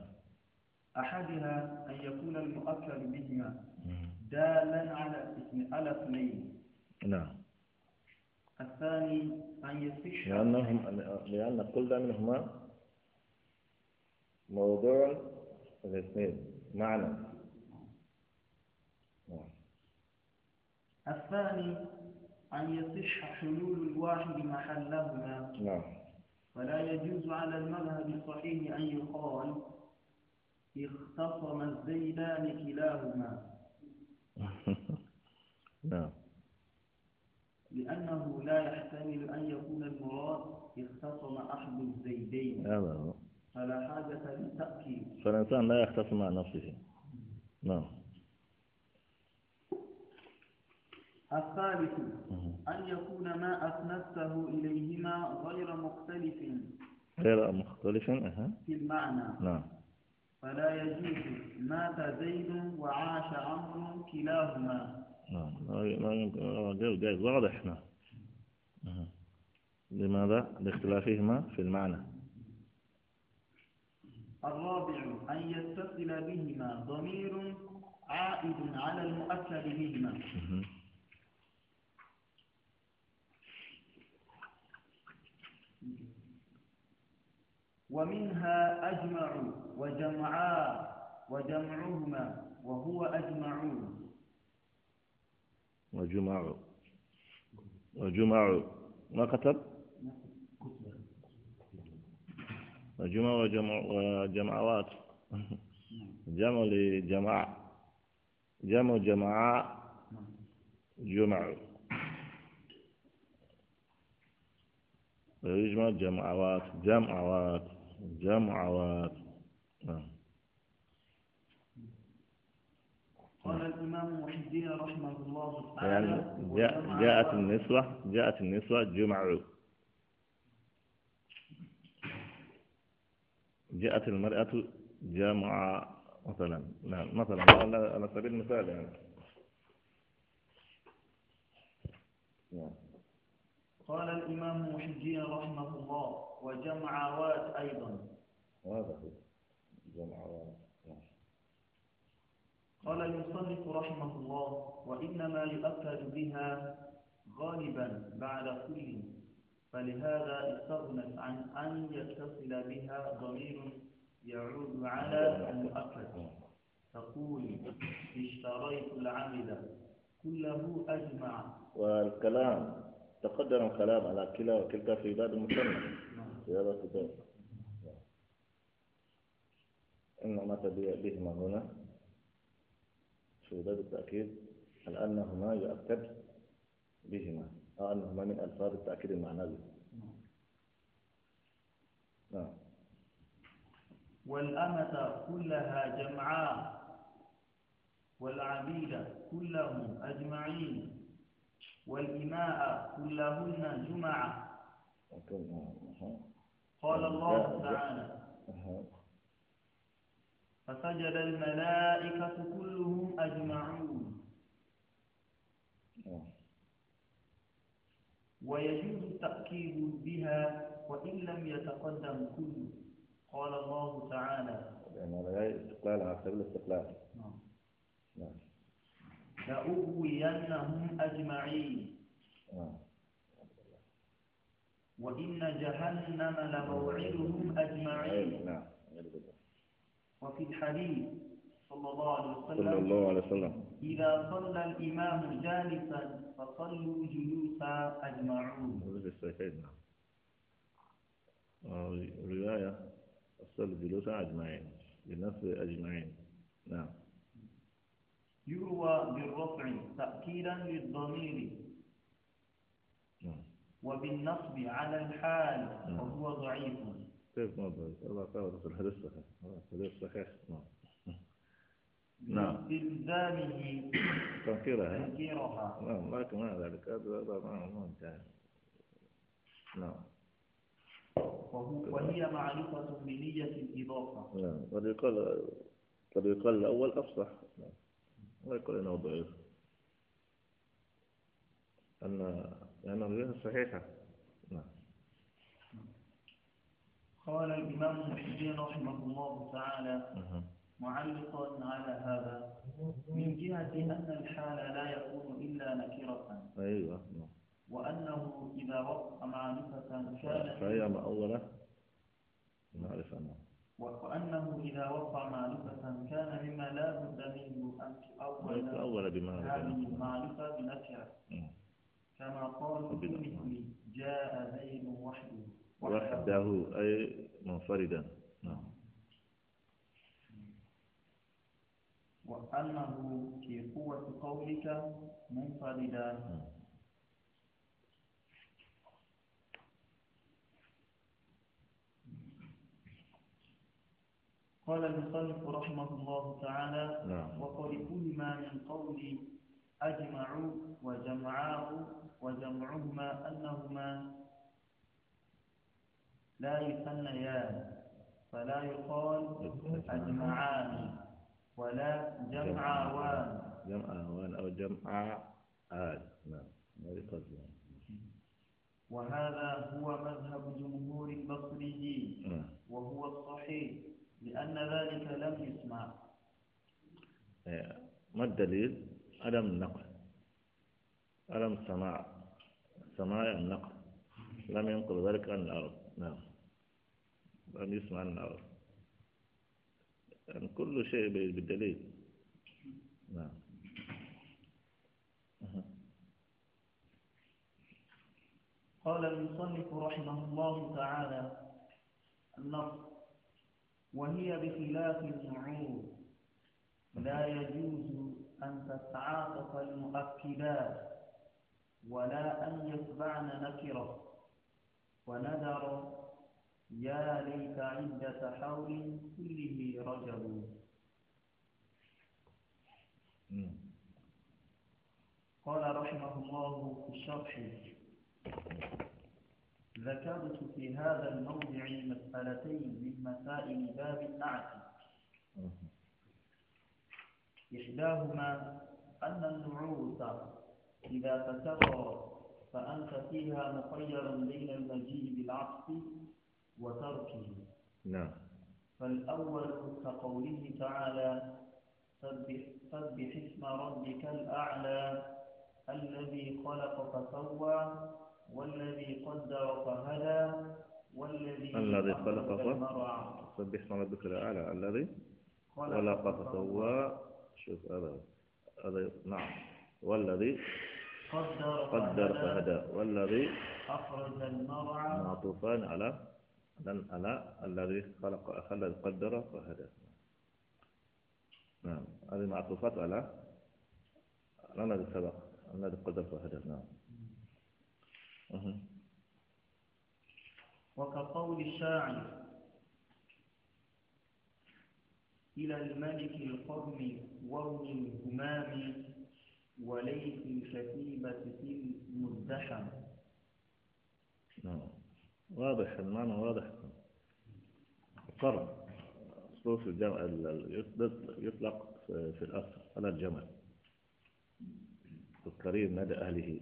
أحدها أن يكون المؤكد بهما دالا على على اثنين نعم الثاني أن يصح لأنهم لأن كل منهما موضوع الاثنين معنى الثاني أن يصح حلول الواحد محلهما نعم فلا يجوز على المذهب الصحيح أن يقال اختصم الزيدان كلاهما نعم لأنه لا يحتمل أن يكون المراد اختصم أحد الزيدين هذا هو فلا حاجة للتأكيد فالإنسان لا يختصم مع نفسه نعم الثالث أن يكون ما أسندته إليهما غير مختلف غير مختلف في المعنى نعم فلا يجوز مات زيد وعاش عمرو كلاهما نعم ما يمكن جائز واضح هنا لماذا؟ لاختلافهما في المعنى الرابع أن يتصل بهما ضمير عائد على المؤثر بهما ومنها أجمع وجمعا وجمعهما وهو أجمعون وجمع وجمع ما كتب وجمع وجمع وجمعات جمع لجمع جمع جمع جمع ويجمع جمعات جمعات جمعات نعم قال الإمام محي الدين رحمه الله يعني تعالى يعني جاء جاءت النسوة جاءت النسوة جمعوا جاءت المرأة جامعة مثلا نعم مثلا على سبيل المثال يعني نعم. قال الإمام محي الدين رحمه الله وجمع وات أيضا واضح جمع وات قال المصنف رحمه الله وإنما يؤكد بها غالبا بعد كل فلهذا استغنت عن أن يتصل بها ضمير يعود على المؤكد تقول اشتريت العمل كله أجمع والكلام تقدم الكلام على كلا وكلتا في باب المصنف في هذا الكتاب إنما تبيع بهما هنا في باب التأكيد هل أنهما يؤكد بهما أو أنهما من ألفاظ التأكيد المعنوي نعم. نعم والأمة كلها جمعاء والعبيد كلهم أجمعين والإماء كلهن جمعة قال الله تعالى فسجد الملائكة كلهم أجمعون ويجوز التأكيد بها وإن لم يتقدم كل قال الله تعالى يعني هذا استقلال على سبيل الاستقلال نعم نعم لأغوينهم أجمعين نعم. وإن جهنم لموعدهم أجمعين نعم وفي الحديث صلى الله عليه وسلم صلى الله عليه وسلم إذا صلى الإمام جالسا فصلوا جلوسا أجمعون نعم. آه، رواية صلوا جلوسا أجمعين لنفس أجمعين نعم يروى بالرفع تأكيدا للضمير نعم. وبالنصب على الحال نعم. وهو ضعيف كيف ما الله قال في الحديث الصحيح الحديث الصحيح نعم نعم تنكيرها نعم لكن مع ذلك هذا ما انتهى نعم وهي معرفة بنية الإضافة نعم قد يقال قد يقال الأول أفصح نعم ويقال إنه ضعيف أن لأن الرواية صحيحة قال الإمام محيي رحمه الله تعالى معلقا على هذا من جهة أن الحال لا يكون إلا نكرة أيوة وأنه إذا وقع معرفة كانت فهي طيب، مأولة معرفة نعم وأنه إذا وقع معرفة كان مما لا بد منه أن تؤول هذه المعرفة بنكرة كما قال في جاء زيد وحده وحده أي منفردا نعم وأنه في قوة قولك منفردا قال المصنف رحمه الله تعالى نعم. كل ما من قول أجمعوا وجمعاه وجمعهما أنهما لا يثنيان فلا يقال أجمعان ولا جمع أهوان أو جمع عاد نعم هذه قصدنا وهذا هو مذهب جمهور البصريين نعم. وهو الصحيح لأن ذلك لم يسمع إيه. ما الدليل؟ عدم النقل عدم السماع سماع النقل لم ينقل ذلك عن الأرض نعم أن يسمع النار يعني كل شيء بالدليل نعم قال المصنف رحمه الله تعالى النص وهي بخلاف النعور لا يجوز أن تتعاطف المؤكدات ولا أن يتبعن نكرة ونذر يا ليت عدة حول كله رجب قال رحمه الله في الشرح ذكرت في هذا الموضع مسألتين من مسائل باب النعت إحداهما أن النعوت إذا تكرر فأنت فيها مخير بين المجيء بالعطف وتركه نعم فالأول كقوله تعالى سبح اسم ربك الأعلى الذي خلق فسوى والذي قدر فهدى والذي الذي خلق فسوى سبح اسم ربك الأعلى الذي خلق فسوى شوف هذا هذا نعم والذي قدر قدر فهدى والذي أخرج المرعى معطوفان على أنا الذي خلق أخلد قدر فهدى نعم هذه معطوفات على أنا الذي سبق أنا الذي قدر فهدى نعم وكقول الشاعر إلى الملك القرم ورد الهمام وليس الكتيبة في المزدحم نعم واضح المعنى واضح قرن أصله الجمع يطلق في الأصل على الجمل الكريم مدى أهله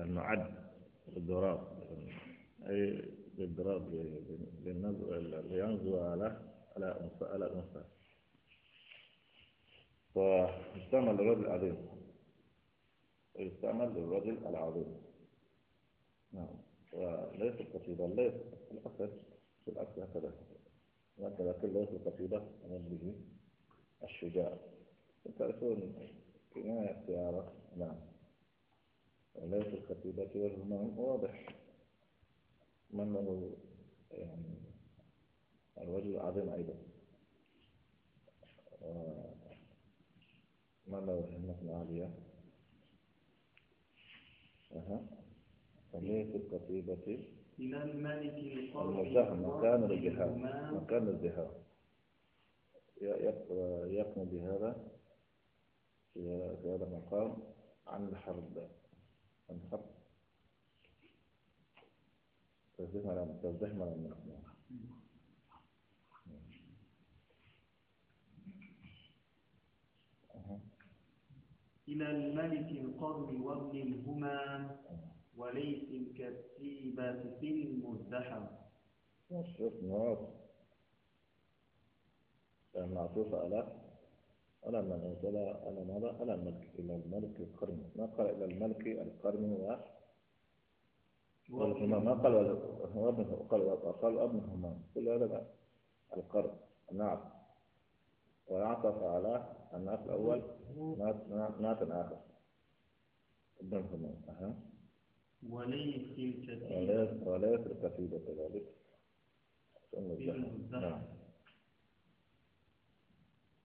المعد الضراب أي الضراب لينزو على على أنثى على أنثى فاستعمل الرجل العظيم استعمل الرجل العظيم نعم وليس القصيدة ليس الأسد في الأصل هكذا لكن لكن ليس القصيدة أمر به الشجاع تعرفون كناية سيارة نعم ليس القصيدة وجه النوم واضح من له يعني الوجه العظيم أيضا ما له همة عالية فليه في القصيدة إمام مالك الوجهان مكان الجهاد مكان الجهاد يقنع بهذا في هذا المقام عن الحرب عن الحرب تزدهم على تزدهم على المقام إلى الملك القرن وابن الهمام وليس الكتيبة في المزدحم نواف كان معطوف على على من أنزل على ماذا على الملك إلى الملك القرن ما قال إلى الملك القرن و ما قال وابنه قال وقال ابنهما كل هذا القرن نعم وعطف على الناس الأول ناس ناس آخر ابنهما أها وليس الكثير ولا يترك كثير كذلك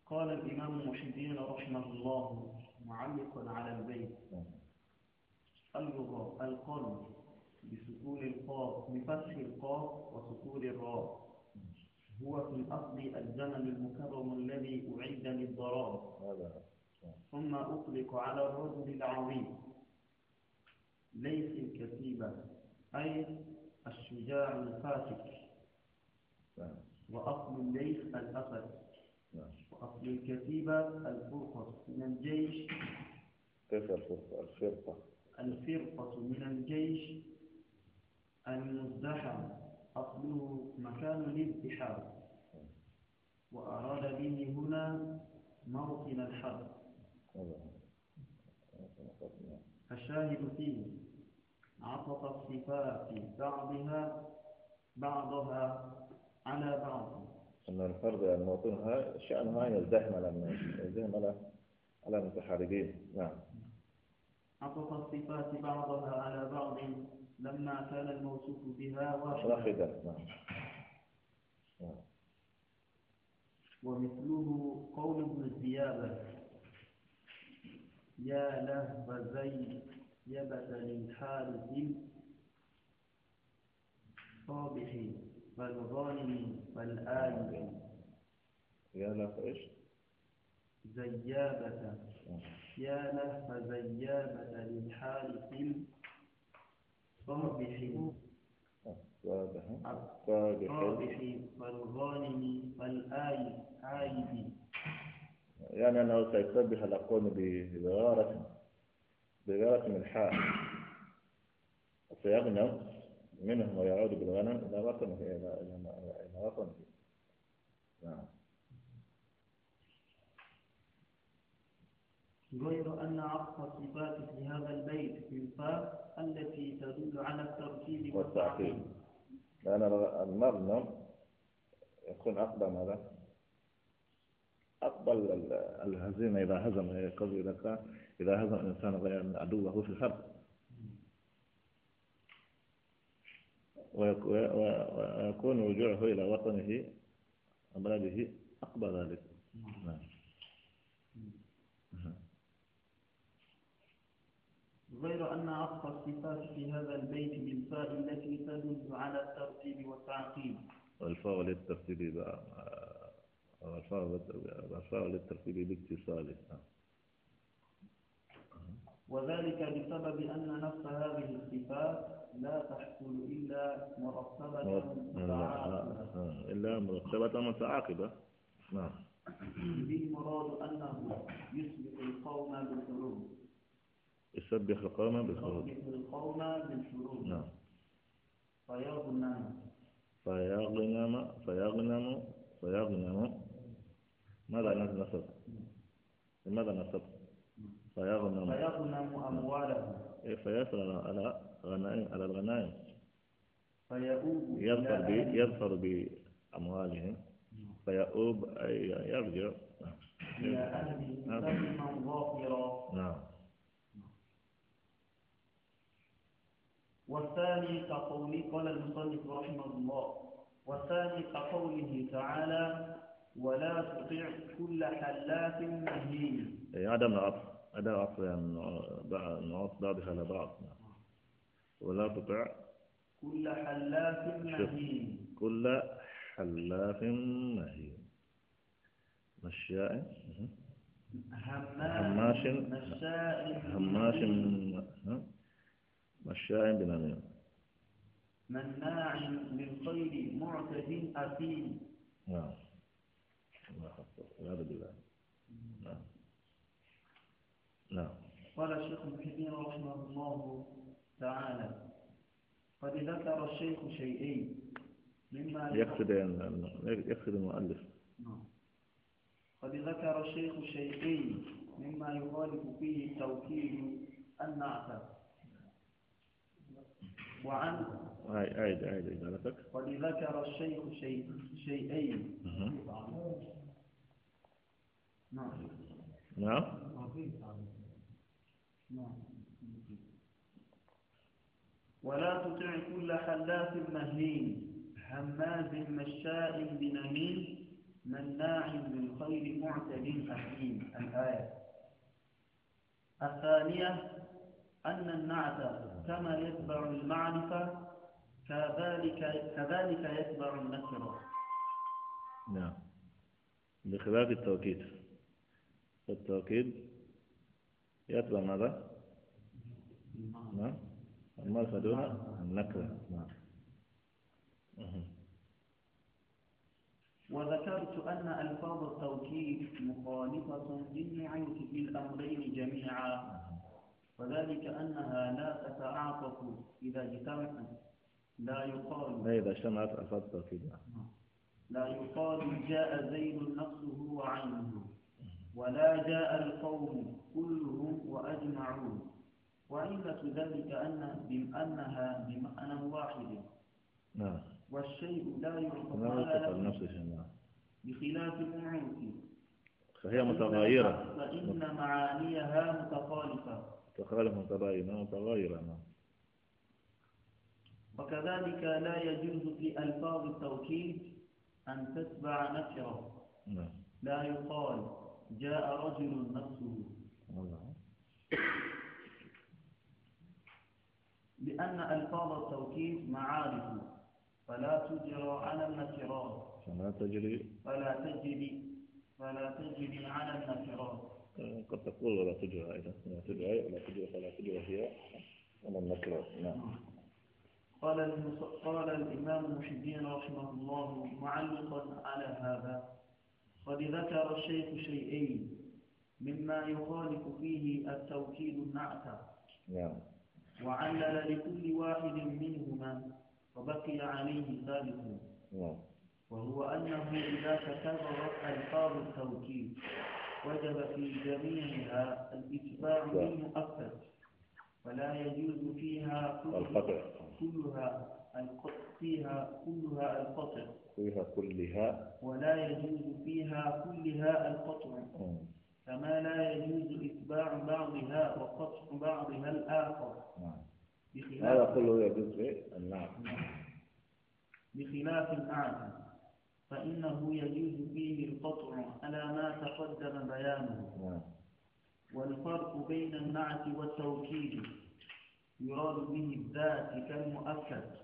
قال الإمام المشدين رحمه الله معلقا على البيت نعم. اللغة القلب بسكون القاف بفتح القاف وسكون الراء هو في الأصل الزمن المكرم الذي أعد للضراب نعم. ثم أطلق على الرجل العظيم ليس الكتيبة أي الشجاع الفاتك وأصل الليث الأسد وأصل الكتيبة الفرقة من الجيش كيف الفرقة؟ الفرقة الفرقة من الجيش المزدحم أصله مكان الازدحام وأراد به هنا موطن الحرب الشاهد فيه عطف الصفات بعضها بعضها على بعض أن الفرد الموطنها شأنها أن يزدحم على يزدحم على على المتحاربين نعم عطف الصفات بعضها على بعض لما كان الموصوف بها واحدا نعم. نعم ومثله قول ابن الزيابة يا لهب زيد يبت من حارس صابح فالظالم فالآلم يا له إيش زيابة يا له زيابة للحارس صابح صابح فالظالم فالآيب يعني أنا سأسبح الأقوام بغارة صغيرة من حاء فيغنم منهم ويعود بالغنم إلى وطنه إلى إلى وطنه نعم غير أن عطف صفات في هذا البيت في الفاء التي تدل على الترتيب والتعقيب لأن المغنم يكون أقبل ماذا؟ أقبل الهزيمة إذا هزم قصدي إذا كان إذا هزم الإنسان غير عدوه في الخلق ويكون رجوعه إلى وطنه وبلده أقبى ذلك نعم غير أن أقصى الصفات في هذا البيت بالفاء التي تدل على الترتيب والتعقيب والفاء للترتيب آه، والفاء للترتيب باتصاله نعم. وذلك بسبب أن نفس هذه الصفات لا تحصل إلا مرتبة متعاقبة إلا مرتبة متعاقبة نعم بالمراد أنه يسبق القوم بالحروب يسبح القوم بالحروب يسبح القوم بالحروب نعم فيغنم فيغنم فيغنم فيغنم ماذا نسبت؟ لماذا نسبت؟ فيغنم فيغنم أمواله إيه، فيصل على غنائم على الغنائم فيؤوب يظفر يظفر بأموالهم نعم. فيؤوب أي يرجع إلى أهله نعم. سلما ظافرا نعم والثاني كقوله قال المصنف رحمه الله والثاني كقوله تعالى ولا تطع كل حلاف مهين عدم إيه، العطف أداء عطف يعني بعضها لبعض يعني. ولا تطع كل حلاف مهين كل حلاف مهين مشاء هماش هماش مشاء بنميم مناع للخير معتد أثيم نعم الله أكبر والعياذ الله نعم قال الشيخ الكبير رحمه الله تعالى قد ذكر الشيخ شيئين مما يقصد يعني يقصد المؤلف نعم. قد ذكر الشيخ شيئين مما يخالف فيه توكيد النعت وعن عيد عيد ذلك قد ذكر الشيخ شيء شيئين نعم نعم, نعم. ولا تطع كل خلاف مهين هماز مشاء بنميم مناع بالخير معتد أثيم الآية الثانية أن النعت كما يتبع المعرفة كذلك كذلك يتبع النكرة نعم بخلاف التوكيد التوكيد يطلع ماذا نعم المعرفة دون النكرة نعم وذكرت أن ألفاظ التوكيد مخالفة للنعوت في الأمرين جميعا وذلك أنها لا تتعاطف إذا اجتمعت لا يقال لا إذا اجتمعت ألفاظ التوكيد نعم. لا يقال جاء زيد نفسه وعينه ولا جاء القوم كلهم وأجمعون وعلة ذلك أن أنها بمعنى واحد نعم والشيء لا يعتبر بخلاف المعوت فهي متغايرة فإن معانيها متخالفة تخالف متباينة متغايرة نعم وكذلك لا يجوز في ألفاظ التوكيد أن تتبع نكرة نعم. لا يقال جاء رجل نفسه لأن ألفاظ التوكيد معارف فلا تجرى على النكرات فلا تجري فلا تجري فلا تجري على النكرات قد تقول ولا تجرى أيضا لا تجرى ولا تجرى فلا تجرى هي على النكرات نعم قال قال الإمام الدين رحمه الله معلقا على هذا قد ذكر الشيخ شيئين مما يخالف فيه التوكيد النعت نعم وعلل لكل واحد منهما وبقي عليه ثالث نعم وهو أنه إذا تكررت ألفاظ التوكيد وجب في جميعها الاتباع بالمؤكد فلا يجوز فيها كلها فيها كلها القطع فيها كلها ولا يجوز فيها كلها القطع كما لا يجوز إتباع بعضها وقطع بعضها الآخر هذا كله يجوز النعم بخلاف الأعلى فإنه يجوز فيه القطع على ما تقدم بيانه نعم. والفرق بين النعت والتوكيد يراد به الذات كالمؤكد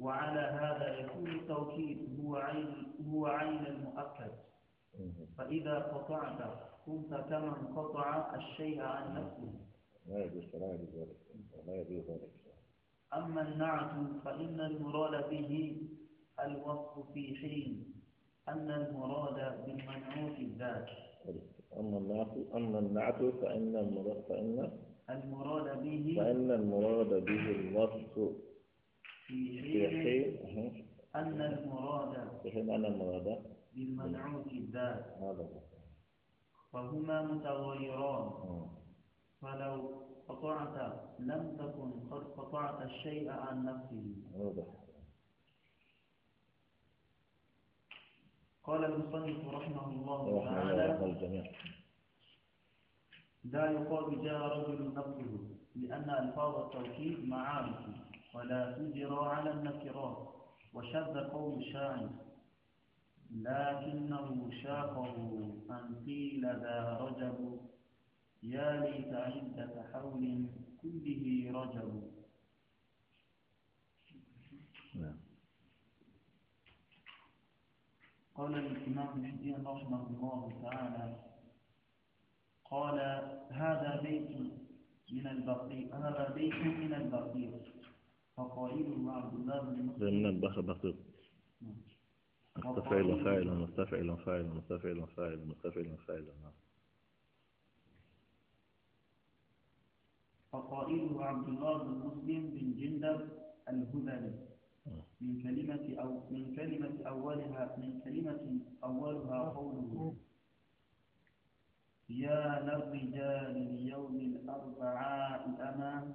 وعلى هذا يكون التوكيد هو عين هو عين المؤكد فإذا قطعت كنت كمن قطع الشيء عن نفسه لا يجوز ذلك لا يجوز ذلك أما النعت فإن المراد به الوصف في حين أن المراد بالمنعوت الذات أما النعت أما النعت فإن المراد فإن المراد به فإن المراد به الوصف في حين أن المراد في حين أن المراد بالمنعوت الذات هذا فهما متغيران فلو قطعت لم تكن قد قطعت الشيء عن نفسه واضح قال المصنف رحمه الله تعالى لا يقال جاء رجل نفسه لأن ألفاظ التوحيد معارف ولا تجرى على النكرات وشذ قوم شاعر لكنه شاقه أن قيل ذا رجب يا ليت عدة حول كله رجب نعم. قال الإمام ابن رحمه الله تعالى قال هذا بيت من البقيع هذا بيت من البقيع فقائل عبد الله بن مسعود من البحر بخير مستفعل وفاعل ومستفعل وفاعل ومستفعل وفاعل ومستفعل وفاعل فقائل عبد الله بن مسلم بن جندب الهذلي من كلمة أو من كلمة أولها من كلمة أولها قوله يا للرجال ليوم الأربعاء أما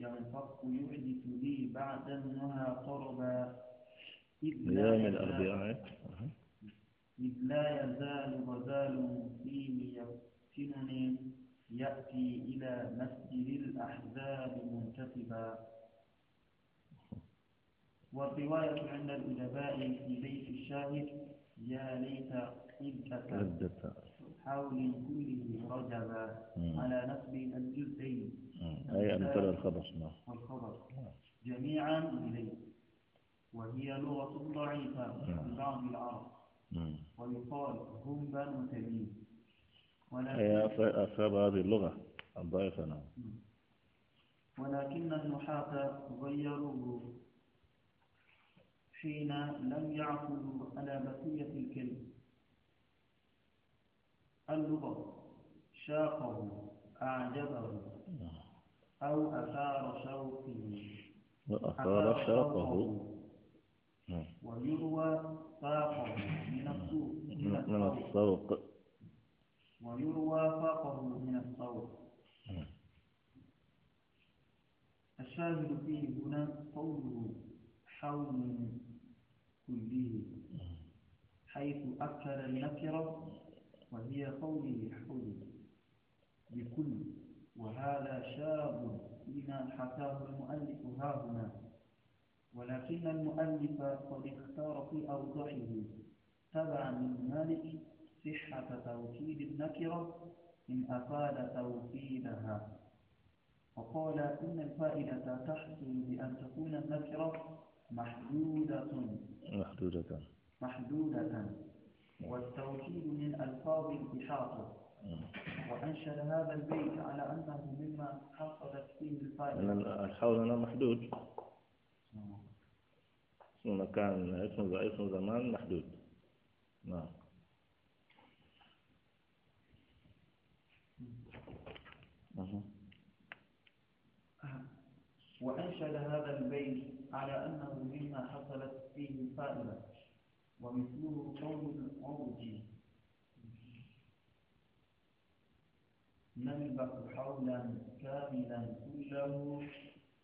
ينفق يحدث لي بعد النهى قربا يوم الأربعاء إذ لا يزال غزال مسلم يفتنني يأتي إلى مسجد الأحزاب منتسبا والرواية عند الأدباء في بيت الشاهد يا ليت إذ حول كله رجبا على نصب الجزئين أي ترى الخبر نعم الخبر جميعا إليه وهي لغة ضعيفة في نعم. بعض العرب نعم. ويقال هم بنو تميم هي أسباب هذه اللغة الضعيفة نعم ولكن النحاة غيروه حين لم يعقلوا على بقية الكلم اللغة شاقه أعجبه نعم. أو أثار شوقه وأثار شوقه نعم. ويروى فاقه من السوق من السوق ويروى فاقه من السوق نعم. الشاهد فيه هنا قوله حول كله حيث أكل النكرة وهي قوله حول بكل وهذا شاب لما حكاه المؤلف هاهنا ولكن المؤلف قد اختار في أوضحه تبعا من مالك صحة توكيد النكرة إن أفاد توكيدها وقال إن الفائدة تحصل بأن تكون النكرة محدودة محدودة محدودة والتوكيد من ألفاظ الإحاطة وأنشد هذا البيت على أنه مما حصلت فيه الفائدة الحول هنا محدود نعم. اسم مكان اسم اسم زمان محدود نعم وأنشد هذا البيت على أنه مما حصلت فيه الفائدة ومثله قول العرجي نلبق حولا كاملا كله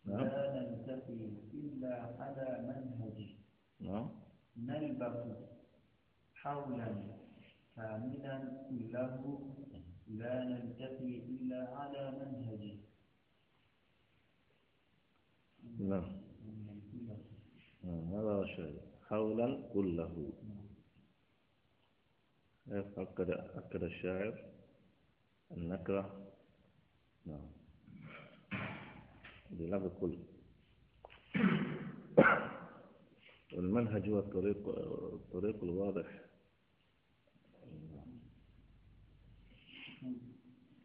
نعم. لا نلتقي إلا على منهج نعم. نلبق حولا كاملا كله لا نلتقي إلا على منهج نعم, نعم، هذا شيء حولا كله إيه، أكد أكد الشاعر النكرة نعم بلغة كل والمنهج هو الطريق الطريق الواضح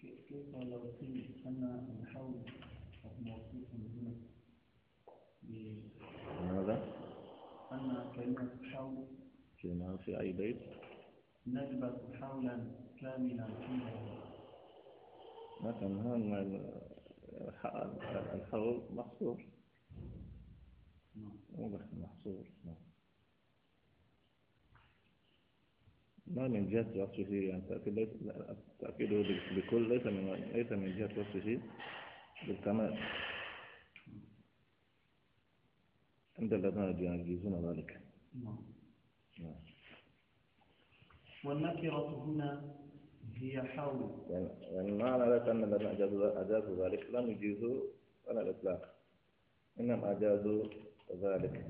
كيف لو موصوف ماذا؟ أن كلمة حول كلمة في أي بيت نجبة حولا كاملا فيها مثلا هنا الحول محصور مو بس محصور نعم. ما من جهة وصفه يعني تأكيد تأكيده بكل ليس من ليس من جهة وصفه بالكمال عند الذين يعجزون ذلك نعم. نعم. والنكرة هنا هي حول يعني, يعني معنى ذلك أن الذين أجازوا ذلك لم يجيزوا على الإطلاق إنما أجازوا ذلك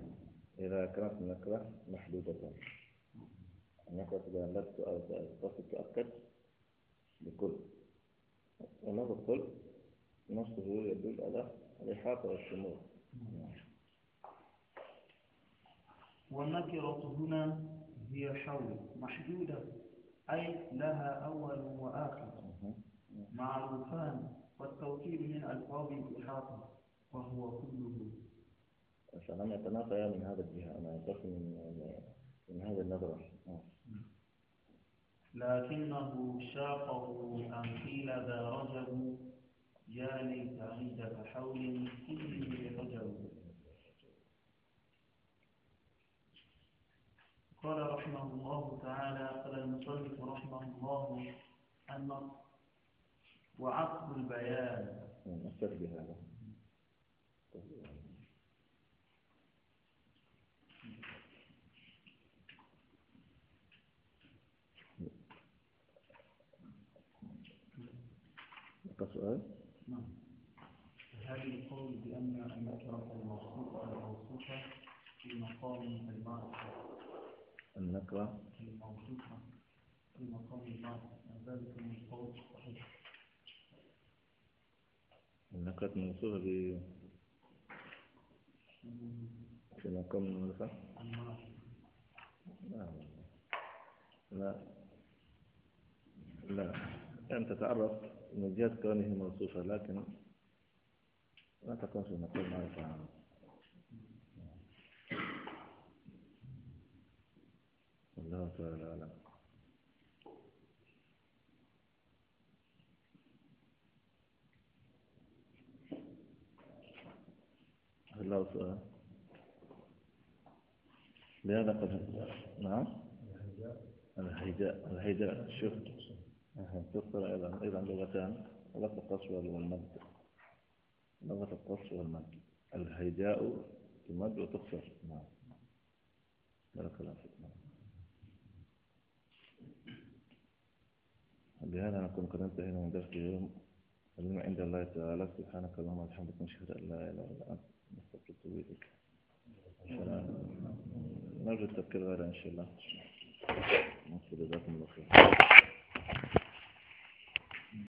إذا كانت النكرة محدودة النكرة إذا لبت أو تصل تؤكد بكل ونظر كل نصه يدل على الإحاطة والشمول والنكرة هنا هي حول محدودة أي لها أول وآخر معروفان والتوكيد من ألفاظ الإحاطة وهو كله فلم يتنافى من هذا الجهة أنا أشوف من من هذا النظرة نعم. لكنه شاقه أن قيل ذا رجل يا ليت عندك حول كله رجل قال رحمه الله تعالى قال المصنف رحمه الله النص وعقد البيان نستر بهذا سؤال نعم هل القول بأن أن الله موصوفا في مقام المعرفة نقرأ النقرة موصوفة ب في مقام المرفع لا لا أنت تعرف من جهة كونه موصوفة لكن لا تكون في مقام المرفع الله تعالى أعلم هل له سؤال؟ لماذا قد نعم؟ الهيجاء الهيجاء شوف تذكر أيضا أيضا لغتان لغة القصر والمد لغة القصر والمد الهيجاء تمد وتقصر نعم بارك الله فيك نعم بهذا نكون قد انتهينا من درس اليوم العلم عند الله تعالى سبحانك اللهم وبحمدك نشهد ان لا اله الا انت نستغفرك ونتوب نرجو التذكير غدا ان شاء الله نصلي جزاكم الله خير